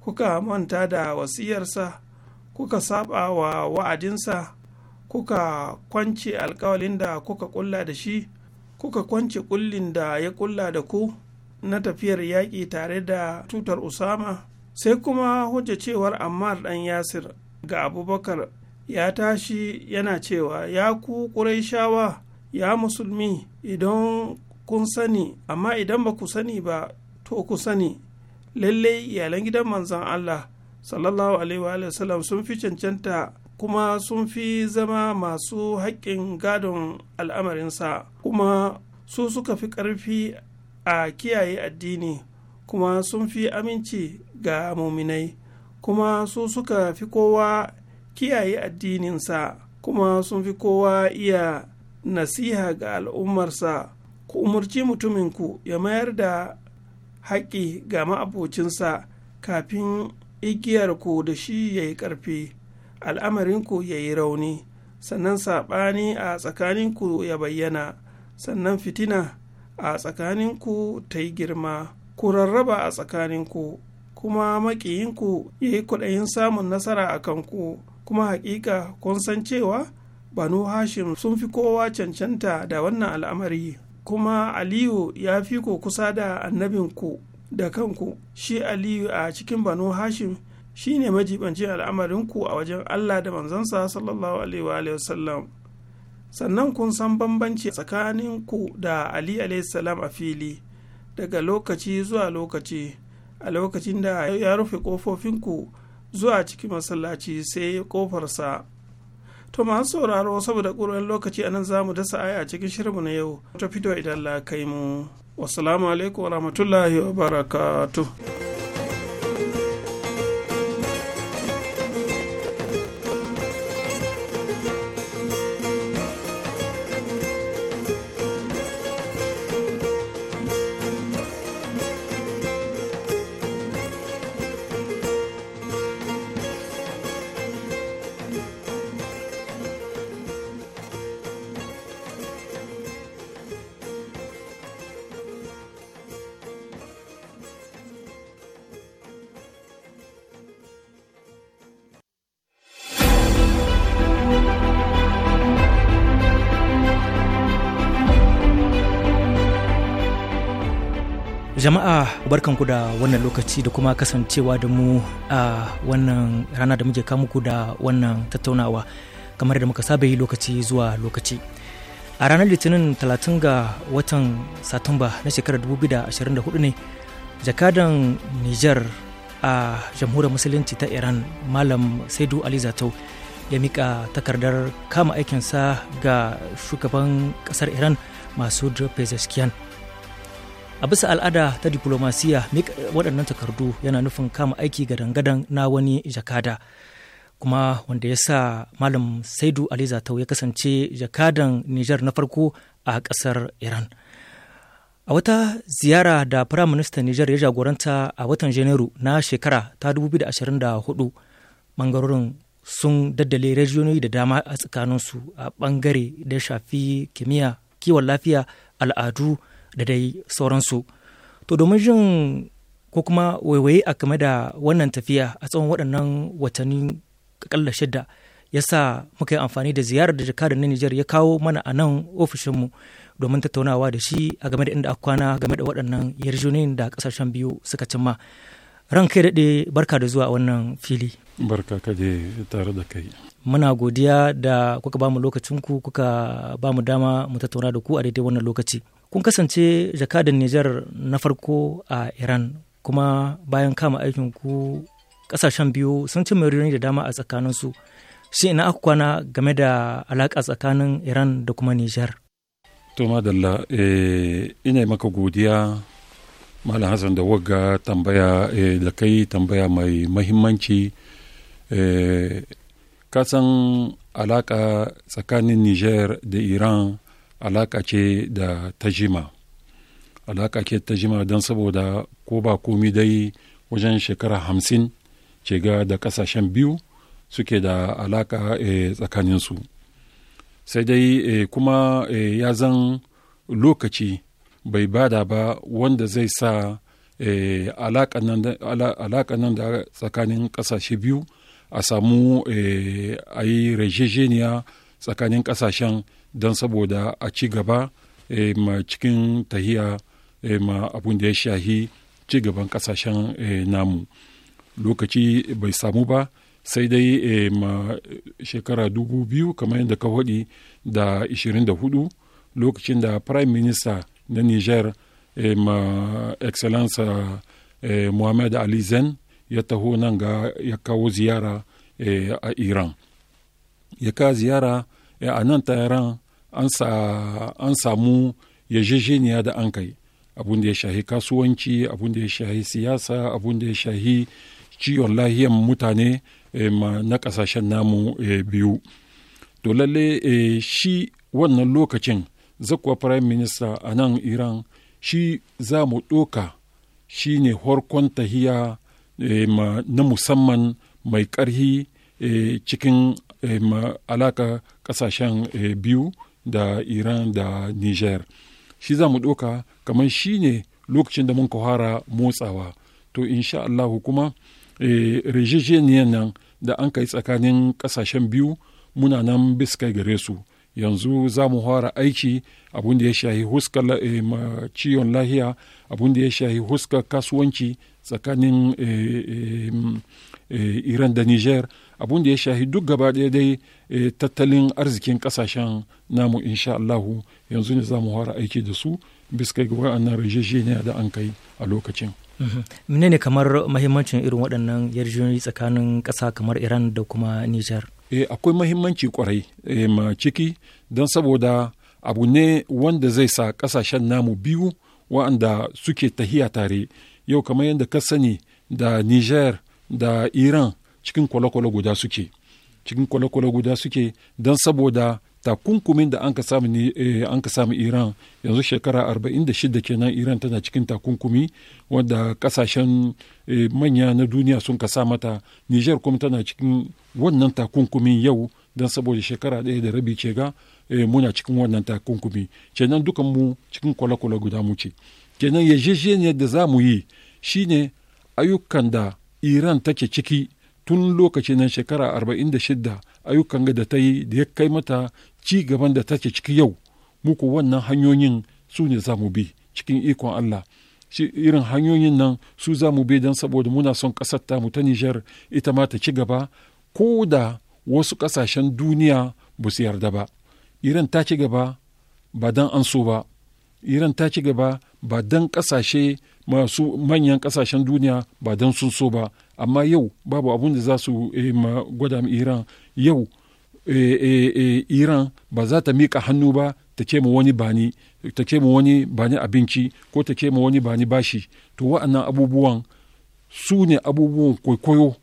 kuka manta da wasiyarsa kuka saba wa wa'adinsa kuka kwance alkawalin da kuka kulla da shi kuka kwance kullin da ya kulla da ku na tafiyar yaƙi tare da tutar usama sai kuma hujja cewar ammar Dan yasir ga abubakar ya tashi yana cewa ya ku ƙuraishawa ya musulmi idan kun sani amma idan ba ku sani ba to ku sani lallai iyalan gidan manzon allah sallallahu alaihi wa sun fi cancanta kuma sun fi zama masu haƙƙin gadon al'amarinsa kuma su suka fi ƙarfi a kiyaye addini kuma sun fi aminci ga muminai kuma su suka fi kowa kiyaye addininsa kuma sun fi kowa iya nasiha ga al'ummarsa ku umarci mutuminku ya mayar da haƙƙi ga ma'abocinsa kafin igiyarku da shi ya yi ƙarfi al'amarinku ya yi rauni sannan saɓani a tsakaninku ya bayyana sannan fitina a tsakaninku ta yi girma ku rarraba a tsakaninku kuma maƙiyinku ya yi kwaɗayin samun nasara a kanku kuma haƙiƙa kun san cewa banu hashim sun fi kowa cancanta da wannan al'amari kuma aliyu ya fi ku kusa da annabinku da kanku shi aliyu a cikin banu hashim shi ne majibanci al'amarinku a wajen Allah da manzansa sallallahu alaihi wa sallam sannan kun san bambanci tsakaninku da Ali alaihissalam a fili daga lokaci zuwa lokaci a lokacin da ya rufe ƙofofinku zuwa cikin masallaci sai ƙofarsa to masu sauraro saboda ƙuran lokaci a nan za mu dasa aya a cikin shirinmu na yau ta fito idan la kai mu wasu alaikum wa rahmatullahi wa barakatuh barkanku da wannan lokaci da kuma kasancewa da mu a wannan rana da muke muku da wannan tattaunawa kamar da muka saba yi lokaci zuwa lokaci a ranar litinin 30 ga watan satumba na shekarar 2024 ne jakadan niger a jamhuriyar musulunci ta iran malam saidu ali zatau ya mika takardar kama aikinsa ga shugaban kasar iran masu pezeshkian a bisa al'ada ta diplomasiya waɗannan takardu yana nufin kama aiki gadan-gadan na wani jakada kuma wanda ya sa malam saidu ali zatau ya kasance jakadan nijar na farko a ƙasar iran a wata ziyara da firaministan nijar ya jagoranta a watan janairu na shekara ta 2024 bangarorin sun daddale rajiyoyi da dama a tsakaninsu a bangare da shafi kimiyya kiwon lafiya al'adu da dai sauransu to domin jin ko kuma waiwaye a game da wannan tafiya a tsawon waɗannan watanni akalla shida ya sa muka yi amfani da ziyarar da jakadar na Nijar ya kawo mana a nan ofishinmu domin tattaunawa da shi a game da inda aka kwana game da waɗannan yarjunin da ƙasashen biyu suka cimma. ran kai daɗe barka da zuwa wannan fili barka ka je tare da kai muna godiya da kuka bamu lokacinku kuka ba mu dama mu tattauna da ku a daidai wannan lokaci kun kasance jakadan Nijar na farko a Iran kuma bayan kama aikin ku kasashen biyu sun ci muririn da dama a tsakaninsu shi ina aka kwana game da alaƙa tsakanin Iran da kuma Nijar. To madalla eh, ina maka godiya Malam Hassan da wagga tambaya eh, da kai tambaya mai mahimmanci eh, kasan alaƙa tsakanin Nijar da Iran alaƙa ce da ta jima alaƙa ce ta jima don saboda ko ba komi dai wajen shekara hamsin ce ga da ƙasashen biyu suke da alaƙa eh, tsakaninsu sai dai eh, kuma eh, ya zan lokaci bai bada ba wanda zai sa alaƙa nan da tsakanin ƙasashe biyu a samu a yi rejejeniya tsakanin ƙasashen don saboda a ci gaba eh, ma cikin tahiya eh, ma abun da ya shahi ci gaban kasashen eh, namu lokaci bai samu ba sai dai ma shekara dubu biyu kamar yadda ka hudi da 24 lokacin da prime minister na niger ma excellence muhammad ali zen ya taho nan ga ya kawo ziyara a iran ya ka ziyara a nan ta iran an samu yajejeniya da an kai abun da ya shahi kasuwanci abun da ya shahi siyasa abun da ya shahi ciwon lahiyan mutane eh, na kasashen namu eh, biyu to lalle eh, shi wannan lokacin zakuwa prime minister a nan iran shi za mu ɗoka shi ne horkon tahiya na musamman mai ƙarhi cikin alaka kasashen biyu da iran da niger shi za mu ɗauka kamar shi ne lokacin da mun kawara motsawa to insha allahu kuma e, nan da an kai tsakanin ƙasashen biyu muna nan biskai gare su yanzu za mu fara aiki abun da ya shahi huskar e, ciwon lahiya abun da ya shahi huskar kasuwanci tsakanin e, e, iran da niger abun da ya shahi duk gaba ɗaya dai Eh, tattalin arzikin kasashen namu insha Allahu yanzu ne za mu fara aiki da su biskai ga wa'annan rajejeniya da an kai a lokacin. Mhm. Mene ne kamar mahimmancin irin waɗannan yarjejeniyoyi tsakanin ƙasa kamar Iran da kuma Nijar? Eh, akwai mahimmanci kwarai eh, ma ciki don saboda abu ne wanda zai sa ƙasashen namu biyu wa'anda suke tahiya tare yau kamar yadda ka sani da Nijar da Iran cikin kwale guda suke. cikin kwale guda suke don saboda takunkumin da an ka samu eh, iran yanzu shekara 46 kenan iran tana cikin takunkumi wanda kasashen eh, manya na duniya sun ka sa mata niger kuma tana cikin wannan takunkumin yau don saboda shekara ɗaya da rabi ce ga eh, muna cikin wannan takunkumi kenan dukan mu cikin kwale guda mu ce kenan yajejeniyar da za mu yi shine ayyukan da iran take ciki tun lokacin nan shekara arba'in da shida ayyukan da ta yi da ya kai mata ci gaban da ta ce ciki yau muku wannan hanyoyin su ne za mu bi cikin ikon Allah shi irin hanyoyin nan su za mu bi don saboda muna son ƙasar tamu ta Nijar ita ma ta ci gaba ko da wasu ƙasashen duniya ba su yarda ba irin ta ci gaba ba don an so ba Iran ta ci gaba ba don ƙasashe masu manyan ƙasashen duniya ba don sun so ba amma yau babu abun da za su eh, ma gwada iran yau eh, eh, iran ba za ta miƙa hannu ba ta ce ma wani bani ta ce ma wani bani abinci ko ta ce ma wani bani bashi to wa'annan abubuwan su ne abubuwan kwaikwayo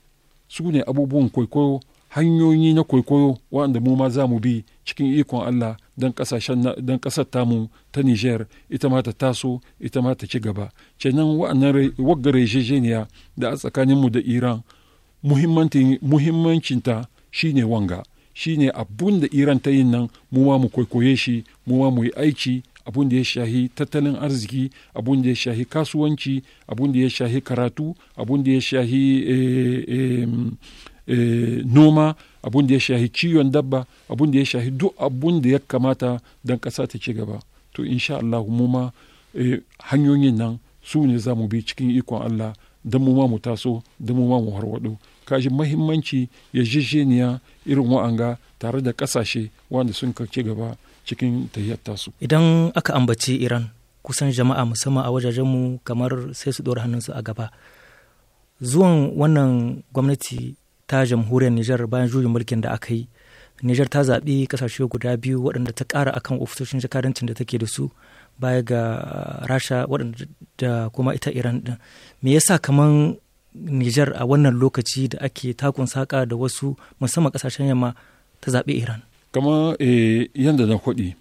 su ne abubuwan kwaikwayo hanyoyi na kwaikwayo waɗanda mu ma za mu bi cikin ikon Allah don ƙasar tamu ta Nijar ita ma ta taso ita ma ta ci gaba. Cenan wa'annan waggare jejeniya da a tsakaninmu da Iran muhimmancinta shine wanga shine abun da Iran ta yin nan mu ma mu kwaikwaye shi mu ma mu yi aiki abun da ya shahi tattalin arziki abun da ya shahi kasuwanci abun da ya shahi karatu abun da ya shahi eh, eh, E, noma abun da ya shahi ciwon dabba abun da ya shahi duk abun da ya kamata don ƙasa ta ci gaba to insha Allah mu ma e, hanyoyin nan su ne za mu bi cikin ikon Allah don mu ma mu taso don mu ma mu harwaɗo kaji mahimmanci ya jejeniya irin wa'anga tare da kasashe wanda sun ci gaba cikin tahiyar tasu idan aka ambaci iran kusan jama'a musamman a mu kamar sai su ɗora hannunsu a gaba zuwan wannan gwamnati ta jamhuriyar Nijar bayan juyin mulkin da aka yi. Nijar ta zaɓi ƙasashe guda biyu waɗanda ta ƙara akan ofisoshin jakarancin da take da su baya ga Rasha waɗanda da kuma ita Iran ɗin. Me yasa kaman Nijar a wannan lokaci da ake takun saƙa da wasu musamman ƙasashen yamma ta zaɓi Iran? Kama eh, yadda na kwaɗi,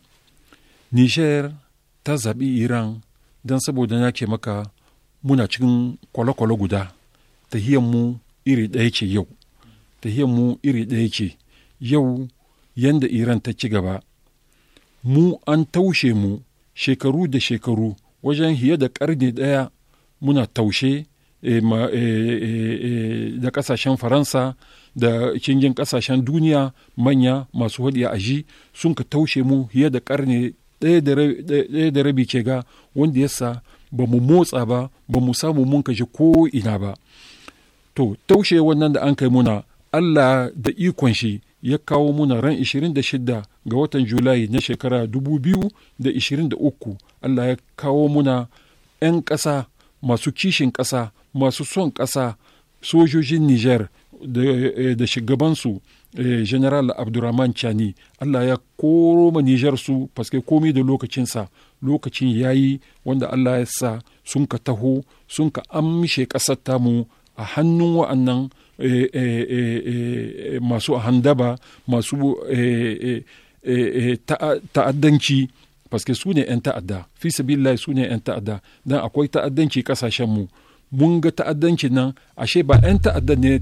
Nijar ta zaɓi Iran don saboda na ke maka muna cikin kwale-kwale guda, mu iri ɗaya ce yau. ta tahiyar mu iri ɗaya ce yau yanda iran ta ci gaba mu an taushe mu shekaru da shekaru wajen hiye da ƙarni ɗaya muna taushe eh, eh, eh, da ƙasashen faransa da cingin ƙasashen duniya manya masu haɗi aji sun ka taushe mu hiye da ƙarni ɗaya da rabi ke ga wanda yasa ba mu motsa ba ba mu samu mun kashe ko ina ba to taushe wannan da an kai muna Allah da ikon shi ya kawo muna ran 26 ga watan Julai na shekara 2023 Allah ya kawo muna 'yan ƙasa masu kishin ƙasa masu son ƙasa sojojin Nijar eh, da shugabansu eh, General Abdurrahman Chani Allah ya koro ma Nijar su faske komai da lokacinsa lokacin yayi wanda Allah ya sa sun ka taho sun ka amshe ƙasar tamu a hannun wa'annan Eh, eh, eh, masu handaba masu ta'addanci paske su ne 'yan ta'adda fi sabilillahi su ne 'yan ta'adda don akwai ta'addanci kasashenmu mun ga ta'addanci nan ashe ba 'yan ta'adda ne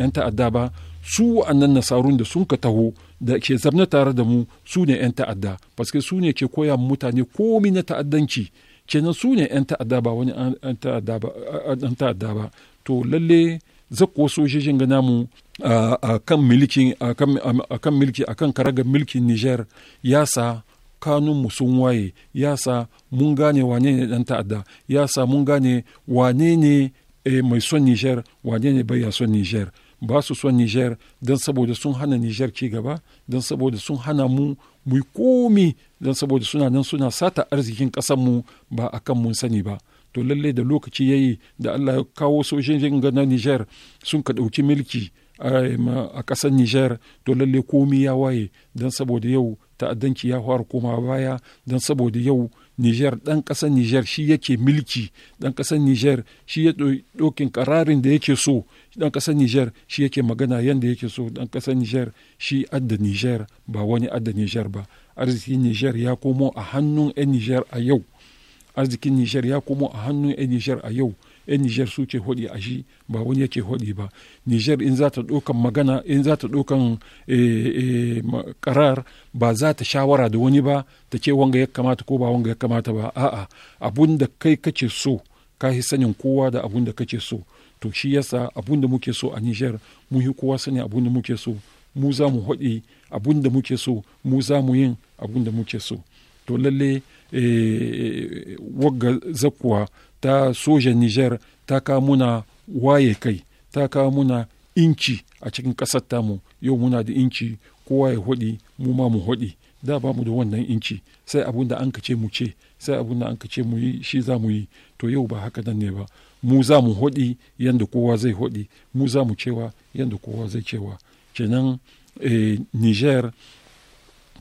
'yan ta'adda ba su wa'annan nasarun da sun ka taho da ke zamna tare da mu su ne 'yan ta'adda paske su ne ke koya mutane komi na ta'addanci kenan su ne 'yan ta'adda ba wani 'yan ta'adda ba to lalle zakko sojojin ga namu a kan milki a kan Nijar karagar milkin Niger ya sa mu sun waye ya sa mun gane wane ne dan ta'adda ya sa mun gane wane ne eh, mai son Niger wane ne bai son Niger ba su son Niger don saboda sun hana Niger ci gaba don saboda sun hana mu mu komi don saboda suna nan suna sata arzikin mu ba a kan mun sani ba to lalle da lokaci yayi da Allah ya kawo sojojin ga na Niger sun ka ɗauki milki a ƙasar Niger to lalle komi ya waye don saboda yau ta'addanci ya fara koma baya don saboda yau Niger ɗan ƙasar Niger shi yake milki ɗan ƙasar Niger shi ya ɗokin ƙararin da yake so ɗan ƙasar Niger shi yake magana yadda yake so ɗan ƙasar Niger shi adda Niger ba wani adda Niger ba arzikin Niger ya komo a hannun 'yan Niger a yau arzikin nijar ya komo a hannun 'yan nijar a yau 'yan nijar su ce hodi a shi ba wani yake hodi ba nijar in za ta ɗaukan magana in za ta ɗaukan karar eh, eh, ba za ta shawara da wani ba ta ce wanga ya kamata ko ba wanga ya kamata ba a'a abun da kai kace so ka yi sanin kowa da abun da kace so to shi yasa abun da muke so a nijar mu yi kowa sani abun da muke so mu za mu hodi abun da muke so mu za mu yin abun da muke so to lallai. E, wagga zakuwa ta soja niger ta kawo muna waye kai ta kawo muna inci a cikin ƙasar tamu yau muna da inci kowa ya hudi mu ma mu hudi da ba mu da wannan inci sai abun da an kace mu ce sai abun da an kace mu yi shi za mu yi to yau ba haka nan ne ba mu za mu hudi yadda kowa zai hudi mu za mu cewa yadda kowa zai cewa kenan e, niger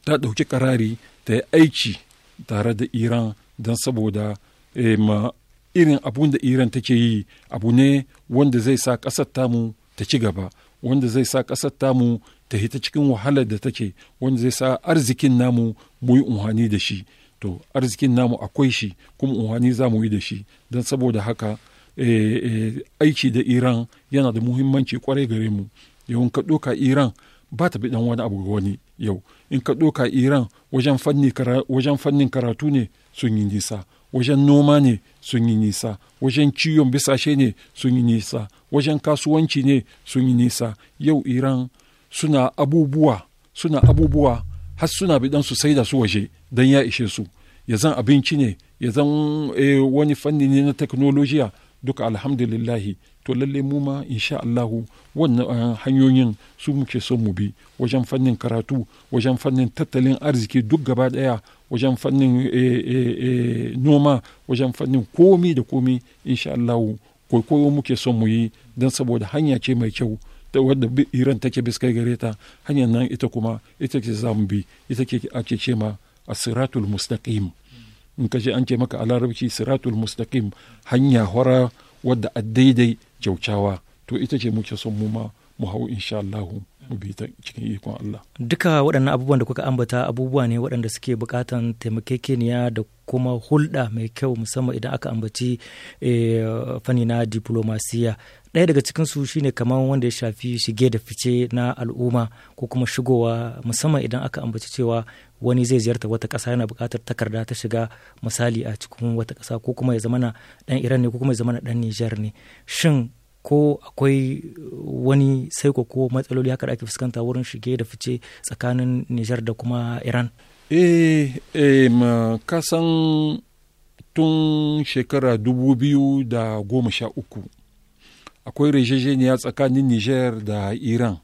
ta ɗauki karari ta yi aiki tare da iran don saboda eh, ma irin abun da iran take yi abu ne wanda zai sa ƙasar tamu ta ci gaba wanda zai sa ƙasar tamu ta hita cikin wahalar da take wanda zai sa arzikin namu mu yi unhani da shi to arzikin namu akwai shi kuma unhani za mu yi da shi don saboda haka eh, eh, aiki da iran yana da muhimmanci kwarai gare mu yawan ka ɗoka iran ba ta bi dan wani abu ga wani yau in ka ɗoka iran wajen fannin karatu ne sun yi nisa wajen noma ne sun yi nisa wajen ciwon bisashe ne sun yi nisa wajen kasuwanci ne sun yi nisa yau iran suna abubuwa suna abubuwa har suna bidan su sai da su waje dan ya ishe su ya zan abinci ne ya zan eh, wani fanni ne na teknolojiya duka alhamdulillahi to lalle mu ma insha Allahu wannan eh, hanyoyin su muke son mu bi wajen fannin karatu wajen fannin tattalin arziki duk gaba daya wajen fannin eh, eh, noma wajen fannin komi da komi insha Allahu kwaikwayo muke son mu yi don saboda hanya ce mai kyau ta wadda iran take biskai gare ta hanyar nan ita kuma ita ke za mu bi ita ke ake ce ma asiratul mustaqim in ka an ce maka a larabci siratul mustaqim hanya hora wadda a daidai kyaukyawa to ita ce muke son mu ma mu hau insha Allah mu bi ta cikin ikon Allah duka waɗannan abubuwan da kuka ambata abubuwa ne waɗanda suke buƙatan taimakekeniya da kuma hulɗa mai kyau musamman idan aka ambaci eh, fanni na diplomasiya ɗaya daga cikin su shine kamar wanda ya shafi shige da fice na al'umma ko kuma shigowa musamman idan aka ambaci cewa wani zai ziyarta wata ƙasa yana buƙatar takarda ta shiga misali a cikin wata ƙasa ko kuma ya zamana ɗan iran ne ko kuma ya zamana ɗan nijar ne shin ko akwai wani saiko ko matsaloli haka da ake fuskanta wurin shige da fice tsakanin nijar da kuma iran eh eh ma kasan tun shekara dubu biyu da goma sha uku akwai rejejeniya tsakanin nijar da iran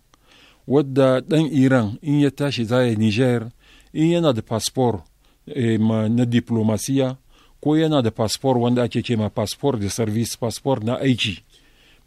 wadda ɗan iran in ya tashi zaya nijar. in e, yana da fasfor e, na diplomasiya ko yana da fasfor wanda ake ce ma fasfor da service fasfor na aiki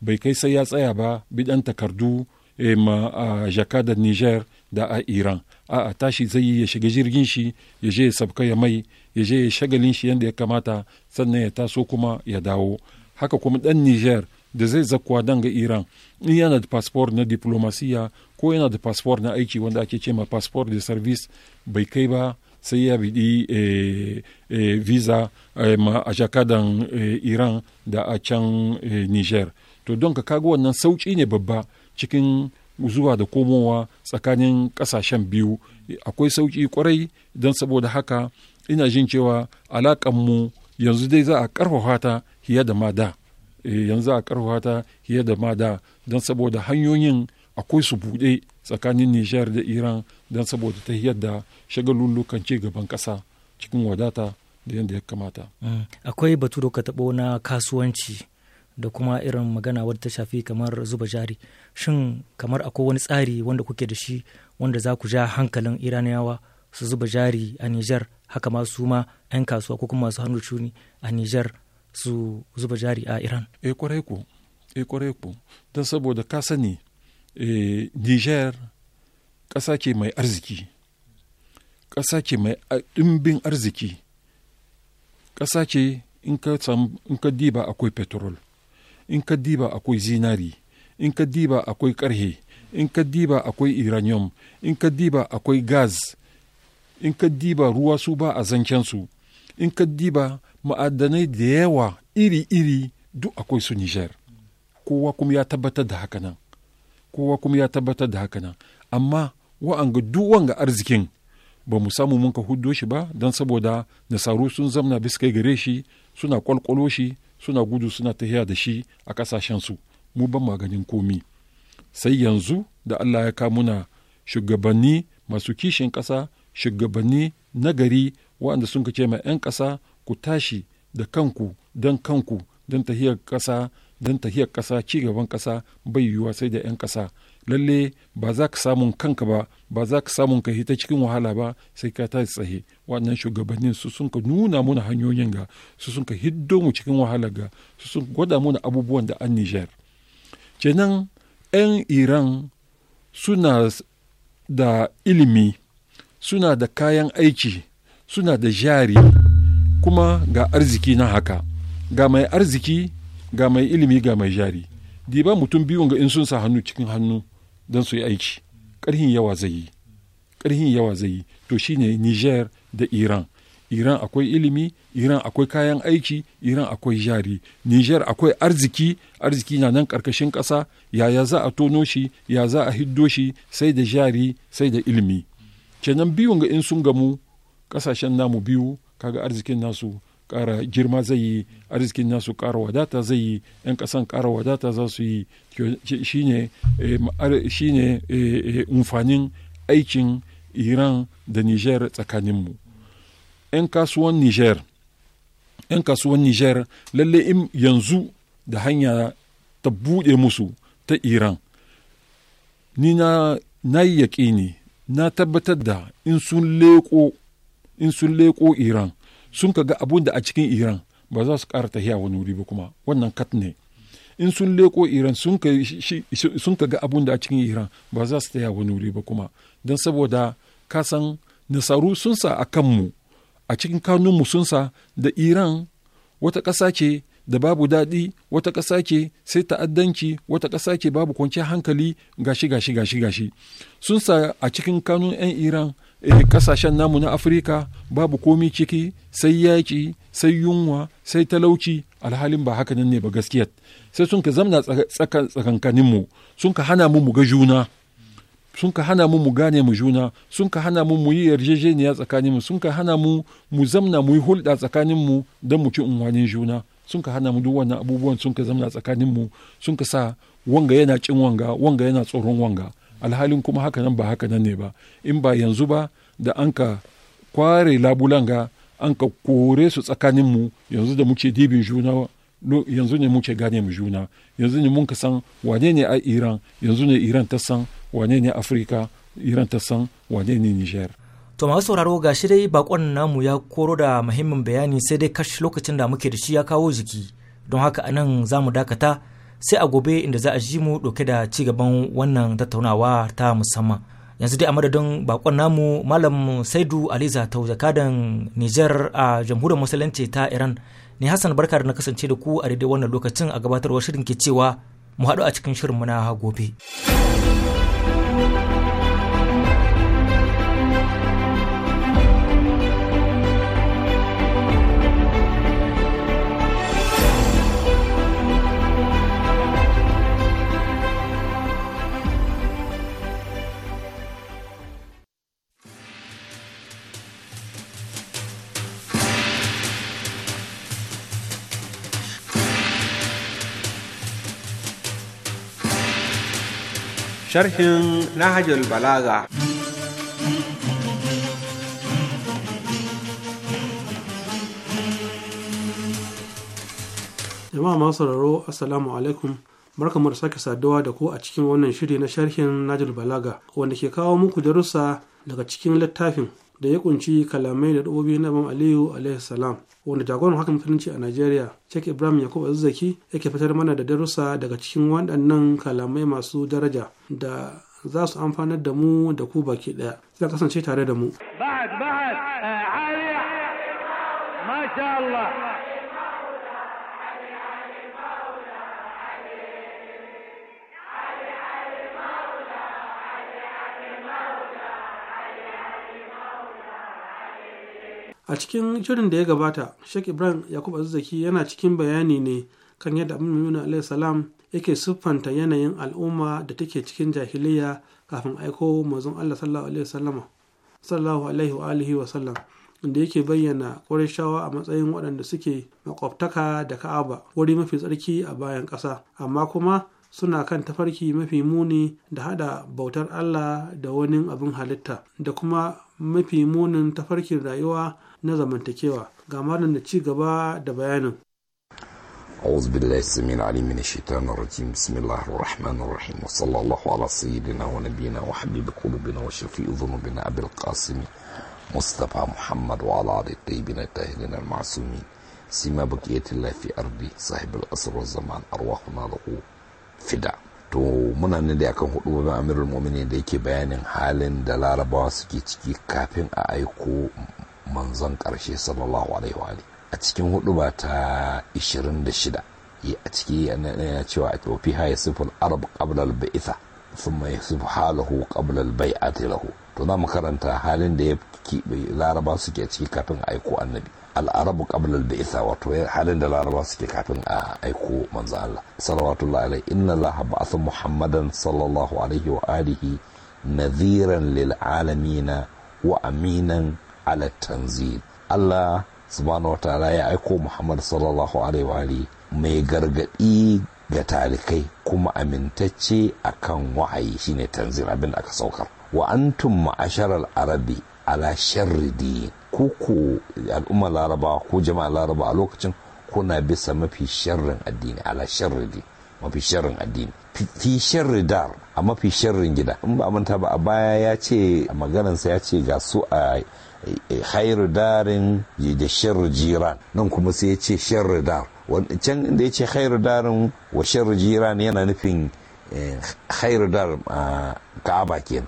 bai kai sai ya tsaya ba bi dan takardu e, ma a da niger da a iran a tashi zai yi ya shiga jirgin shi ya je ya sabka ya mai ya je ya shagalin shi yadda ya kamata sannan ya taso kuma ya dawo haka kuma dan niger da zai zakwa ga iran in yana da fasfor na diplomasiya ko yana da fasfor na aiki wanda ake ce ma fasfor da service bai kai ba sai ya biɗi eh, eh, visa eh, ma a jakadan iran da a can niger to don ka kago wannan sauci ne babba cikin zuwa da komowa tsakanin kasashen biyu akwai sauki kwarai don saboda haka ina jin cewa alakanmu yanzu dai za a ƙarfafa ta fiye da mada da yanzu a ƙarfafa ta fiye da ma don saboda hanyoyin akwai su buɗe tsakanin nijar da iran don saboda ta yadda shagalullukan ci gaban ƙasa cikin wadata da yadda ya kamata mm. akwai batu da ka taɓo na kasuwanci da kuma irin magana wadda ta shafi kamar zuba jari shin kamar akwai wani tsari wanda kuke da shi wanda za ku ja hankalin iraniyawa su zuba jari a nijar haka ma su ma 'yan kasuwa ko kuma masu hannu cuni a nijar su zuba jari a iran e kwarai ku e eh, kwarai ku don saboda ka sani Eh, niger ƙasa ce mai arziki ƙasa ce mai ɗimbin arziki ƙasa ce in ka diba akwai petrol in ka diba akwai zinari in ka diba akwai ƙarhe in ka diba akwai uranium in ka diba akwai gas in ka diba ruwa su ba a zancensu in ka diba ma'adanai da yawa iri-iri duk akwai su niger kowa kuma ya tabbatar da haka nan kowa kuma ya tabbatar da haka nan amma wa'anga duk wanga arzikin ba mu samu mun ka huddo shi ba don saboda nasaru sun zamna biskai gare shi suna kwalkwalo shi suna gudu suna tahiya da shi a su mu ban maganin komi sai yanzu da allah ya kawo muna shugabanni masu kishin ƙasa shugabanni nagari wa'anda sun ka ce ma 'yan ƙasa ku tashi da kanku dan kanku don tahiyar ƙasa don tahiyar ƙasa ci gaban ƙasa bai yiwuwa sai da 'yan ƙasa lalle ba za ka samun kanka ba ba za ka samun ka hita cikin wahala ba sai ka tashi tsaye wannan shugabannin su sun ka nuna muna hanyoyin ga su sun ka hiddo mu cikin wahala ga su sun gwada muna abubuwan da an nijar kenan 'yan Iran suna da ilimi suna da kayan aiki suna da jari kuma ga arziki na haka ga mai arziki ga mai ilimi ga mai jari diba mutum biyun ga in sun sa hannu cikin hannu don su yi aiki ƙarhin yawa zai yi ƙarhin yawa zai yi to shine niger da iran iran akwai ilimi iran akwai kayan aiki iran akwai jari niger akwai arziki arziki na nan ƙarƙashin ƙasa yaya za a tono shi ya za a hiddo shi sai da jari sai da ilimi kenan biyun ga in sun gamu ƙasashen namu biyu kaga arzikin nasu ƙara girma zai yi arzikin nasu ƙara wadata zai yi 'yan ƙasan kara wadata za su yi shine eh, eh, eh, amfanin aikin iran da niger tsakaninmu 'yan kasuwan niger 'yan kasuwan niger lalle yanzu da hanya ta buɗe musu ta iran ni na yi yaƙini na tabbatar da in sun leƙo iran sun ka ga abun da a cikin iran ba za su ƙara hiya wani wuri ba kuma wannan kat ne in sun leko iran sun ka ga abun da a cikin iran ba za su ta hiya wani wuri ba kuma don saboda kasan nasaru sun sa a kanmu a cikin kanunmu sun sa da iran wata ƙasa ce da babu daɗi wata ƙasa ce sai ta'addanci wata ƙasa ce babu kwanciyar hankali gashi gashi gashi gashi sun sa a cikin kanun 'yan iran Eh, kasashen namu na afirka babu komi ciki sai yaƙi sai yunwa sai talauci alhalin ba haka nan ne ba gaskiya sai sun ka zamna tsakankaninmu sun ka hana mu mu ga juna sun ka hana mu mu gane mu juna sun ka hana mu mu yi yarjejeniya tsakaninmu, sun ka hana mu mu zamna mu yi hulɗa tsakaninmu don mu ci unwanin juna sun ka hana mu duk wannan abubuwan sun ka zamna tsakaninmu, sun ka sa wanga yana cin wanga wanga yana tsoron wanga alhalin kuma haka nan ba haka nan ne ba in ba yanzu ba da an ka kware labulanga an ka kore su tsakaninmu yanzu da muke dibin juna yanzu ne muke gane mu juna yanzu ne mun ka san wane ne a iran yanzu ne iran ta san wane ne afirka iran ta san wane ne niger to masu sauraro ga shi dai bakon namu ya koro da muhimmin bayani sai dai kashi lokacin da muke da shi ya kawo jiki don haka anan za mu dakata sai a gobe inda za a ji mu ɗauke da ci gaban wannan tattaunawa ta musamman yanzu dai a madadin bakon namu malam saidu aliza ta jakadan nijar a jamhuriyar musulunci ta iran ne hassan barka da na kasance da ku a daidai wannan lokacin a gabatarwar shirin ke cewa mu haɗu a cikin shirin na gobe. sharhin Nahajul Balaga. Jama'a masu sauraro Assalamu alaikum. Barkamu da sake saduwa da ku a cikin wannan shiri na sharhin nahajul Balaga wanda ke kawo muku darussa daga cikin littafin da ya kunshi kalamai da dubobi na Imam Aliyu alayhi salam wanda jagoran hakan musulunci a Najeriya Sheikh Ibrahim Yakubu Azzaki yake fitar mana da darussa daga cikin waɗannan kalamai masu daraja da za su amfanar da mu da ku baki ɗaya zai kasance tare da mu ba'ad a cikin shirin da ya gabata shek ibrahim yakub azzaki yana cikin bayani ne kan yadda abin maimuna alayhi salam yake siffanta yanayin al'umma da take cikin jahiliya kafin aiko mazun allah sallallahu alaihi wasallam sallallahu alaihi wa alihi wa sallam da yake bayyana ƙurashawa a matsayin waɗanda suke makwabtaka da ka'aba wuri mafi tsarki a bayan ƙasa amma kuma suna kan tafarki mafi muni da hada bautar allah da wani abin halitta da kuma mafi munin tafarkin rayuwa na zamantakewa ga malam ci gaba da bayanin. Auz billahi samina ali mini shetanar rajim bismillah ar-rahman ar-rahim sallallahu ala sayidina wa nabina wa habibu kulubina wa shafi uzunu bina abil kasimi mustapha muhammad ala da ta yi bina ta masumi sima buki yeti lafi arbi sahibul asirar zaman arwa kuma da ku fida to muna ne da akan hudu ba amirul mominin da yake bayanin halin da larabawa suke ciki kafin a aiko manzon ƙarshe sallallahu alaihi wa a cikin hudu ba ta 26 yi a ciki yana cewa a tofi ha yasiful arab qabla al bi'tha thumma yasifu halahu qabla al bai'ati lahu to na makaranta halin da ya laraba suke ciki kafin a aiko annabi al'arabu qablal bi'sa wato halin da laraba suke kafin a aiko manzon Allah salawatullahi alaihi inna Allah ba'atha muhammadan sallallahu alaihi wa alihi nadhiran lil alamin wa aminan ala tanzil Allah subhanahu wataala ya aiko Muhammad sallallahu alaihi mai gargadi ga talikai kuma amintacce akan wa'ayi shine tanzil abin aka saukar wa antum ma'asharal arabi ala sharri din kuku al'umma laraba ko jama'a laraba a lokacin kuna bisa mafi sharrin addini ala sharri din mafi sharrin addini fi sharri dar a mafi sharrin gida in ba manta ba a baya ya ce maganarsa ya ce ga su a hairu darin da sharru jiran nan kuma sai ya ce sharru dar can inda ya ce hairu darin wa sharru jiran yana nufin eh, hairu dar ah, ka'aba ke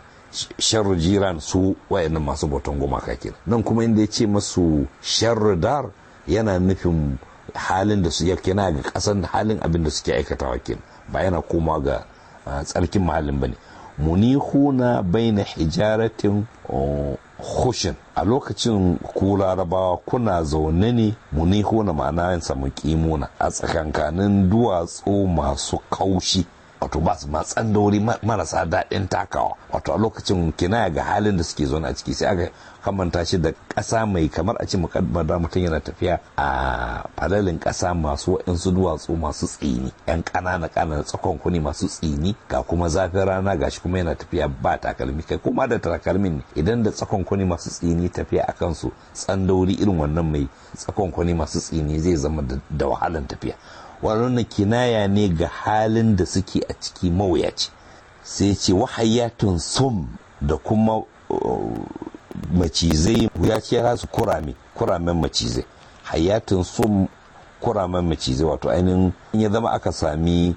jiran su wayannan masu boton gumaka kenan nan kuma inda ya ce masu sharru dar yana nufin halin da su yake na ga kasan halin abin da suke aikatawa kenan ba yana koma ga ah, tsarkin mahallin ne munihuna baina hijaratin oh, hushin a lokacin ku larabawa kuna zaune ne mu hona ma'ana yin samu kimuna a tsakankanin duwatsu masu kaushi wato ba su matsan dauri marasa daɗin takawa wato a lokacin kinaya ga halin da suke zaune a ciki sai aka kamanta shi da ƙasa mai kamar a ce mukaddara mutum yana tafiya a falalin ƙasa masu waɗansu duwatsu masu tsini yan ƙanana ƙanana tsakon kuni masu tsini ga kuma zafin rana gashi kuma yana tafiya ba takalmi kai kuma da takalmin idan da tsakon kuni masu tsini tafiya a kansu tsandauri irin wannan mai tsakon kuni masu tsini zai zama da wahalan tafiya wannan kinaya ne ga halin da suke a ciki mawuyaci sai ce wahayatun sum da kuma uh, macizai ya ce su kurame kuramen macizai hayatin sun kuramen macizai wato ainihin ya zama aka sami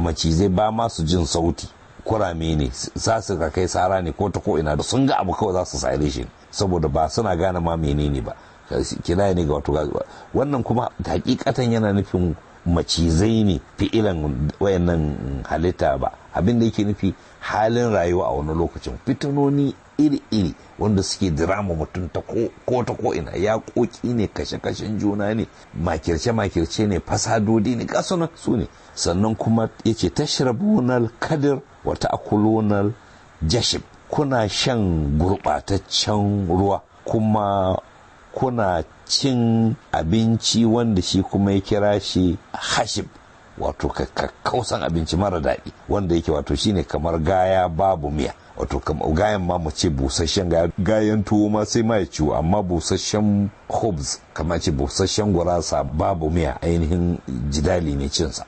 macizai ba masu jin sauti kurame ne za su ga kai sara ne ko ta ko ina da sun ga abu kawai za su sare shi saboda ba suna gane ma menene ba kina ne ga wato wannan kuma hakikatan yana nufin macizai ne fi'ilan wayannan halitta ba abinda da yake nufi halin rayuwa a wani lokacin fitinoni iri-iri wanda suke dirama mutum ta ko ta ko ina ya koki ne kashe-kashen juna ne makirce-makirce ne fasadodi ne gasunan su ne sannan kuma tashar tashrabunal kadir wata akulonal jashib kuna shan gurɓataccen ruwa kuma kuna cin abinci wanda shi kuma ya kira shi hashib wato kakkausan abinci mara daɗi wanda yake wato shine kamar gaya babu miya wato gayan ma mu ce busasshen gayan tuwo ma sai ma ya ciwo amma busasshen hobbs kama ce busasshen gurasa babu miya ainihin jidali ne cinsa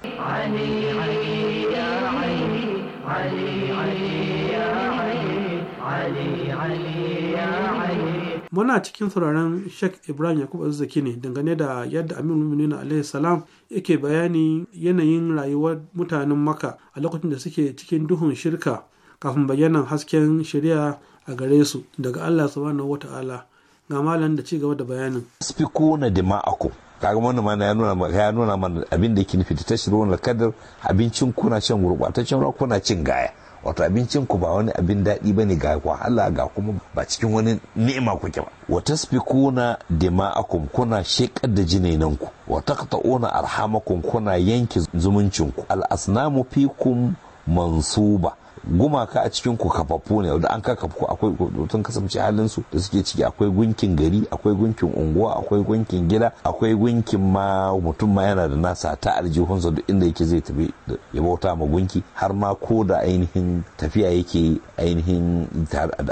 muna cikin sauraron sheikh ibrahim yakubu arziki ne dangane da yadda aminu muminina alayhi salam yake bayani yanayin rayuwar mutanen maka a lokacin da suke cikin duhun shirka kafin bayanan hasken shari'a a gare su daga Allah subhanahu wata'ala ga malam da cigaba da bayanin asfikuna dima'akum kaga wannan ma ya nuna ya nuna mana abin da yake nufi ta tashirun kadar abincin kuna shan gurbataccen ruwa kuna cin gaya wato abincin ku ba wani abin daɗi ne ga wahala ga kuma ba cikin wani ni'ima kuke ba wa tasfikuna dima'akum kuna shekar da jinenan ku wa taqta'una arhamakum kuna yanke zumuncin ku al asnamu fikum mansuba gumaka a cikin ku kafafu ne da an ku akwai sun kasance halin su da suke ciki akwai gunkin gari akwai gunkin unguwa akwai gunkin gida akwai gunkin ma mutum ma yana da nasa ta aljihunsa duk inda yake zai tafi ya bauta ma gunki har ma ko da ainihin tafiya yake ainihin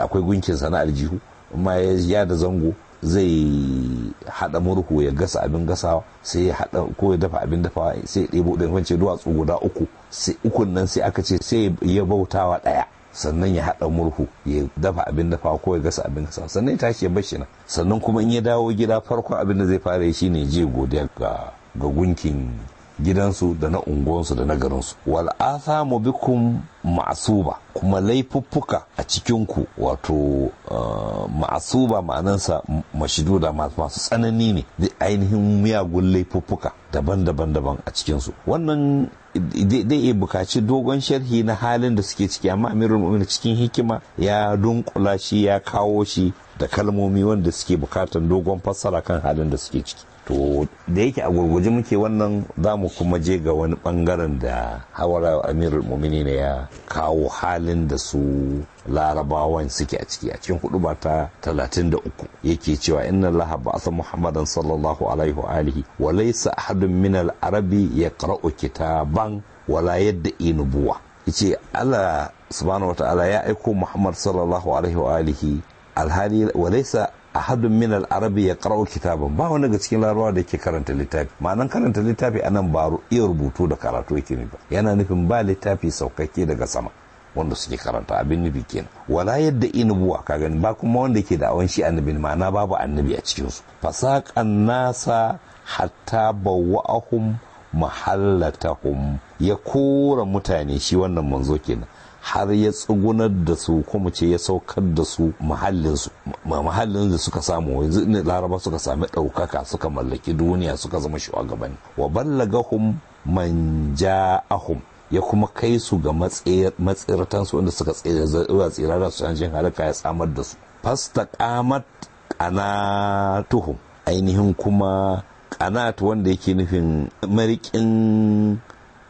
akwai gunkin sa na aljihu amma ya da zango zai haɗa murhu ya gasa abin gasa sai ya haɗa ko ya dafa abin dafa sai ya ɗebo ɗin wance duwatsu guda uku sai ukun nan sai aka ce sai ya bautawa ɗaya sannan ya haɗa murhu ya dafa abin dafa ko ya gasa abin gasa sannan ya tashi ya bashi nan sannan kuma in ya dawo gida farkon abin da zai fara shi ne je godiya ga gunkin gidansu da na unguwansu da na garinsu wal athamu bikum ma'asuba kuma laifuffuka a cikinku wato eh, ma'asuba ma'anansa mashiduda masu tsanani ne da ainihin miyagun laifuffuka daban-daban daban a cikinsu wannan dai iya bukaci dogon sharhi na halin da suke ciki amma amirul cikin hikima ya dunkula shi ya kawo shi da kalmomi wanda suke bukatan dogon fassara kan halin da suke ciki to da yake a gurguje muke wannan za mu kuma je ga wani bangaren da hawara amirul mumini ne ya kawo halin da su larabawan suke a ciki a cikin hudu ta 33 yake cewa inna allah san muhammadan sallallahu alaihi wa alihi wa laysa ahadun min al-arabi yaqra'u kitaban wala yadda inubuwa yace allah subhanahu wataala ya aiko muhammad sallallahu alaihi wa alihi alhali wa laisa ahadun min al-arabi ya qara'u kitaban ba wani ga cikin larabawa da ke karanta littafi ma'anan karanta littafi anan ba iya rubutu da karatu yake ne ba yana nufin ba littafi saukakke daga sama wanda suke karanta abin nufi kenan wala yadda inubuwa ka gani ba kuma wanda ke da awan shi annabi ma'ana babu annabi a cikin su fasaqan nasa hatta bawwa'ahum hum ya kora mutane shi wannan manzo kenan har ya tsugunar da su kuma ce ya saukar da su mahallin da suka samu yanzu ne laraba suka sami ɗaukaka suka mallaki duniya suka zama shugabanni wa ballagahum man ja'ahum ya kuma kai su ga su wanda suka tsira da su canjin halaka ya samar da su fasta qamat tuhum ainihin kuma qanat wanda yake nufin marikin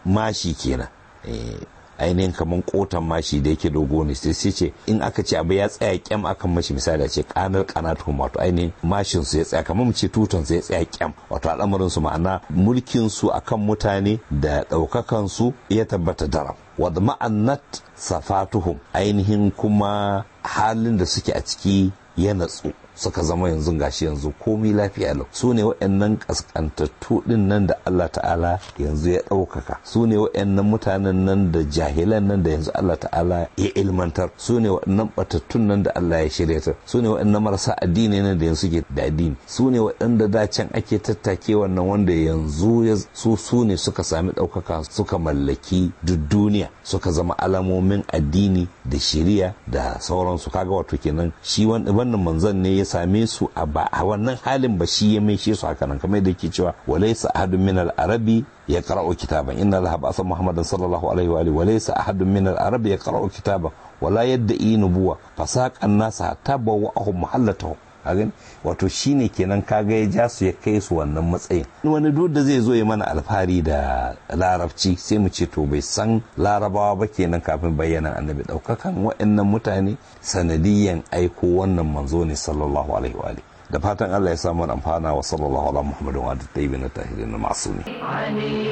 mashi kenan eh, ainihin kamar kotan mashi da yake dogo ne sai sai ce in aka ce abu ya tsaya kyam akan mashi misali a ce kanar kanatu wato ainihin mashin su ya tsaya kamar mu ce tutan su ya tsaya kyam wato al'amarin su ma'ana mulkin su akan mutane da ɗaukakan su ya tabbata daram wadda ma'annat safatuhum ainihin kuma halin da suke a ciki ya natsu suka zama yanzu gashi yanzu komi lafiya lau su ne wa'annan kaskantattu din nan da Allah ta'ala yanzu ya ɗaukaka su ne wa'annan mutanen nan da jahilan nan da yanzu Allah ta'ala ya ilmantar su ne wa'annan batattun nan da Allah ya ta su ne wa'annan marasa addini nan da yanzu ke da addini su ne waɗanda da can ake tattake wannan wanda yanzu su su ne suka sami ɗaukaka suka mallaki duk duniya suka zama alamomin addini da shiriya da sauransu kaga wato kenan shi wannan manzon ne ya same su a ba a wannan halin ba shi ya maishe su haka nan kamar da yake cewa walaysa ahadun min al-arabi ya qara'u kitaban inna allaha ba'atha muhammadan sallallahu alaihi wa alihi walaysa ahadun min al-arabi ya qara'u kitaban wala yadda'i nubuwa fasaqan nasa tabawu ahum mahallatahu a gani wato shine kenan kaga ya ja su ya kai su wannan matsayin wani duk da zai zo ya mana alfahari da larabci sai mu ce to bai san larabawa ba kenan kafin bayyana annabi daukakan wa'annan mutane sanadiyan aiko wannan manzo ne sallallahu alaihi wa da fatan Allah ya samu amfana wa sallallahu ala muhammadin wa ta da tayyibin tahirin ma'sumi Ali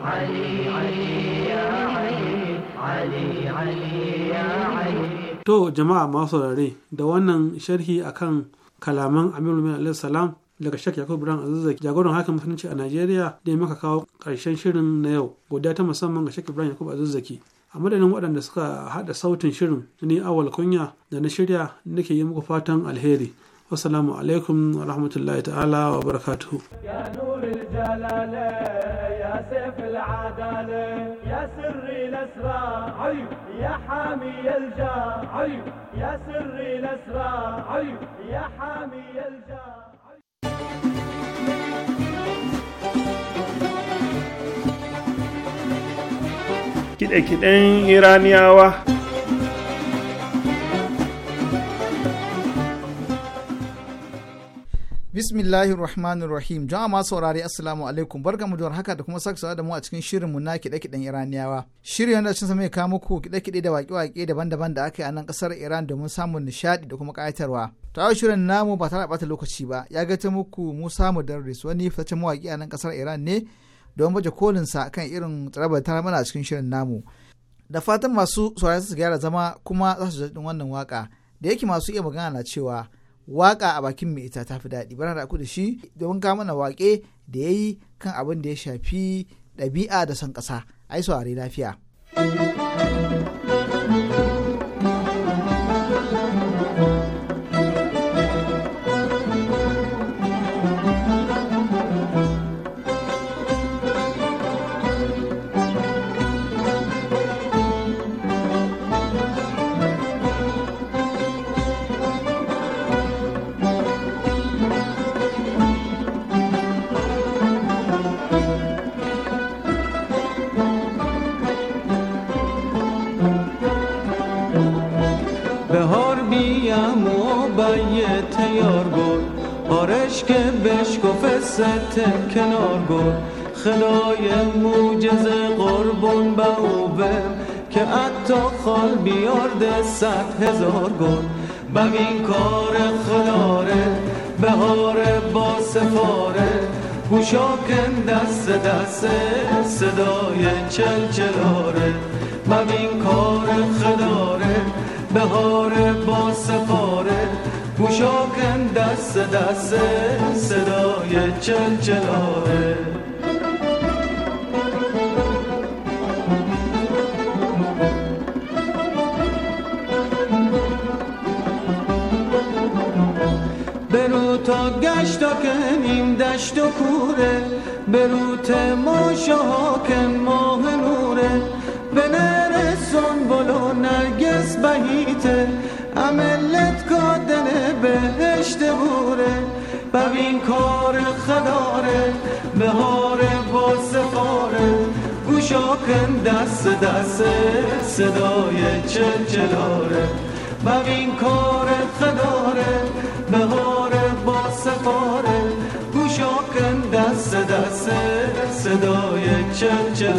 Ali Ali To jama'a masu saurare da wannan sharhi akan kalaman Aminu Mai salam daga Shek Yakubu Ibrahim Azizak jagoran hakan musulunci a Najeriya da maka kawo karshen shirin na yau. Godiya ta musamman ga Shek Ibrahim Yakubu Azizaki. A madadin waɗanda suka haɗa sautin shirin ni awal kunya da na shirya nake yi muku fatan alheri. والسلام عليكم ورحمة الله تعالى وبركاته يا نور الجلالة يا سيف العدالة يا سري الأسرى يا حامي الجاع يا سري الأسرى يا حامي الجاع kiɗe-kiɗen iraniyawa Bismillahir Rahmanir Rahim. Jama'a masu saurari Assalamu alaikum. Barkamu da haka da kuma sake da mu a cikin mu na kiɗe-kiɗen Iraniyawa. Shirin yana cin mai kawo muku kiɗe-kiɗe da waƙe-waƙe daban-daban da aka yi a nan ƙasar Iran domin samun nishaɗi da kuma ƙayatarwa. Ta yau shirin namu ba tare da ɓata lokaci ba. Ya ga ta muku Musa Mudarris wani fitaccen mawaƙi a nan ƙasar Iran ne don baje kolin sa kan irin tsarabar ta mana a cikin shirin namu. Da fatan masu saurari su gyara zama kuma za su ji wannan waka. Da yake masu iya magana na cewa waka a bakin mai ita ta fi daɗi bana da ku da shi domin ka mana waƙe da yayi kan abin da ya shafi ɗabi'a da son ƙasa ai saurari lafiya. ستم کنار گل خدای موجز قربون به او که اتا خال بیارد صد هزار گل بمین کار خداره بهار با سفاره گوشاکن دست دست صدای چل چلاره این کار خداره بهار با سفاره پوشاکن دست دست صدای چل برو تا گشت کنیم دشت و کوره برو تماشا ها ماه نوره به نرسون بلو نرگس بهیته عملت کادن بهشت بوره ببین کار خداره با گوشا گوشاکن دست دست صدای چل چلاره ببین کار خداره با سفاره گوشاکن دست دست صدای چل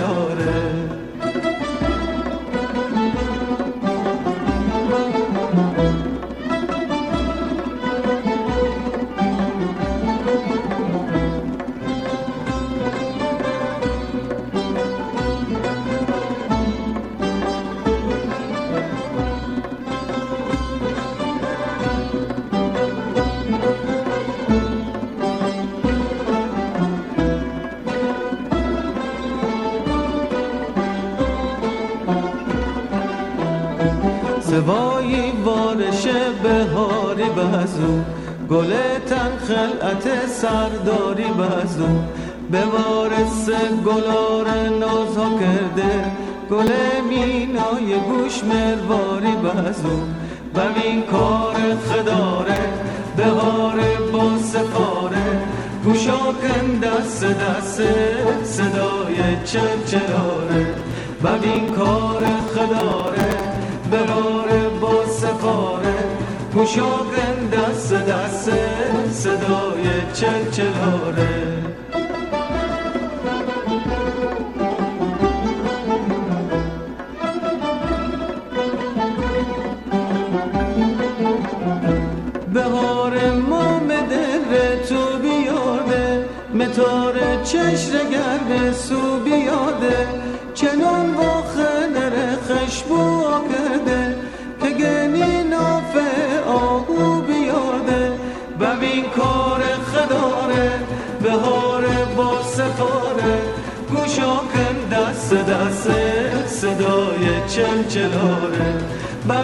ساعت سرداری بزو به وارث گلار نازها کرده گل مینای گوش مرواری بزو و این کار خداره بهار با سفاره گوشاکن دست دست صدای چرچراره و این کار خداره وار با سفاره مشاقم دست دست صدای چلچلاره نرسه صدای چلچلاره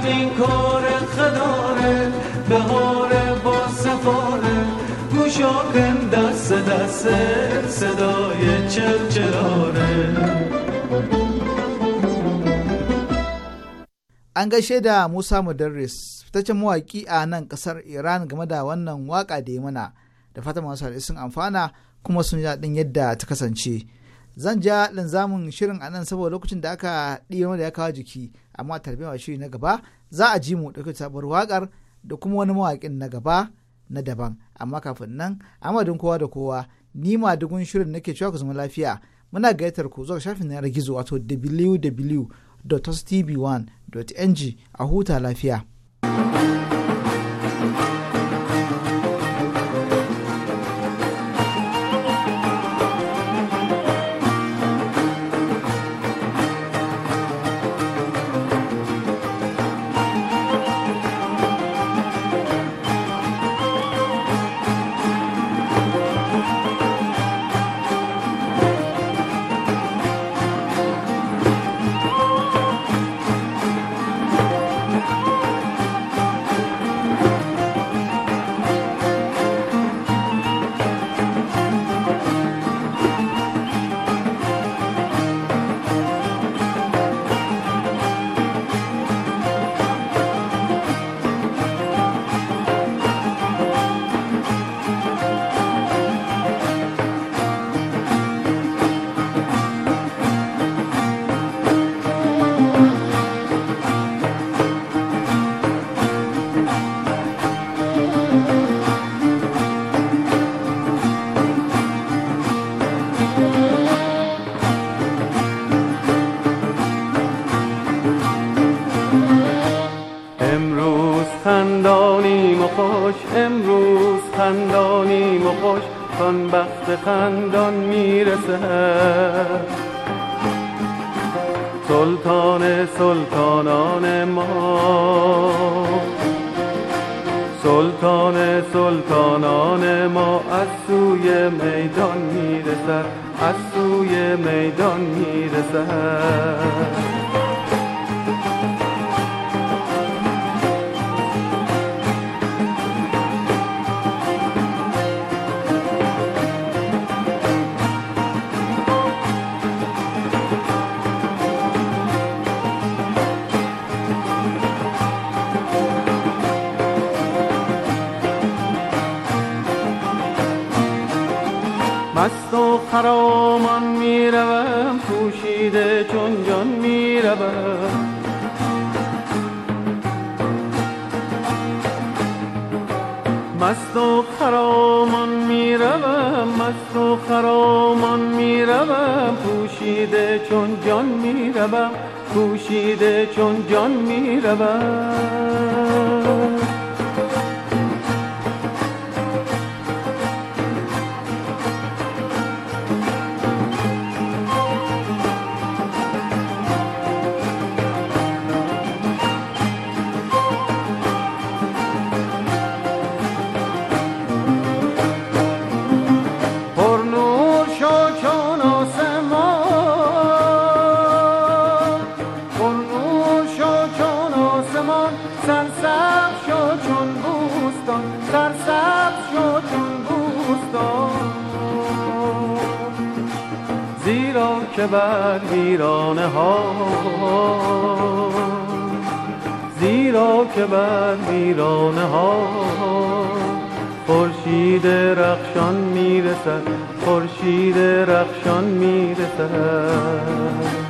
این کار خداره بهار با سفاره گوشا کن دست دست صدای چلچلاره An gaishe da Musa Mudarris fitaccen mawaƙi a nan ƙasar Iran game da wannan waƙa da yi mana da fata masu sun amfana kuma sun daɗin yadda ta kasance. zan ja linzamin shirin a nan saboda lokacin da aka ɗiyo da ya kawo jiki amma tarbiyyar shiri na gaba za a ji mu ɗauki sabuwar waƙar da kuma wani mawaƙin na gaba na daban amma kafin nan amadin kowa da kowa ni ma dugun shirin nake cewa ku zama lafiya muna gayyatar ku zuwa shafin yanar gizo wato www.tv1.ng a huta lafiya. زیرا که بر ویرانه ها زیرا که بر ویرانه ها خورشید رخشان میرسد خورشید رخشان میرسد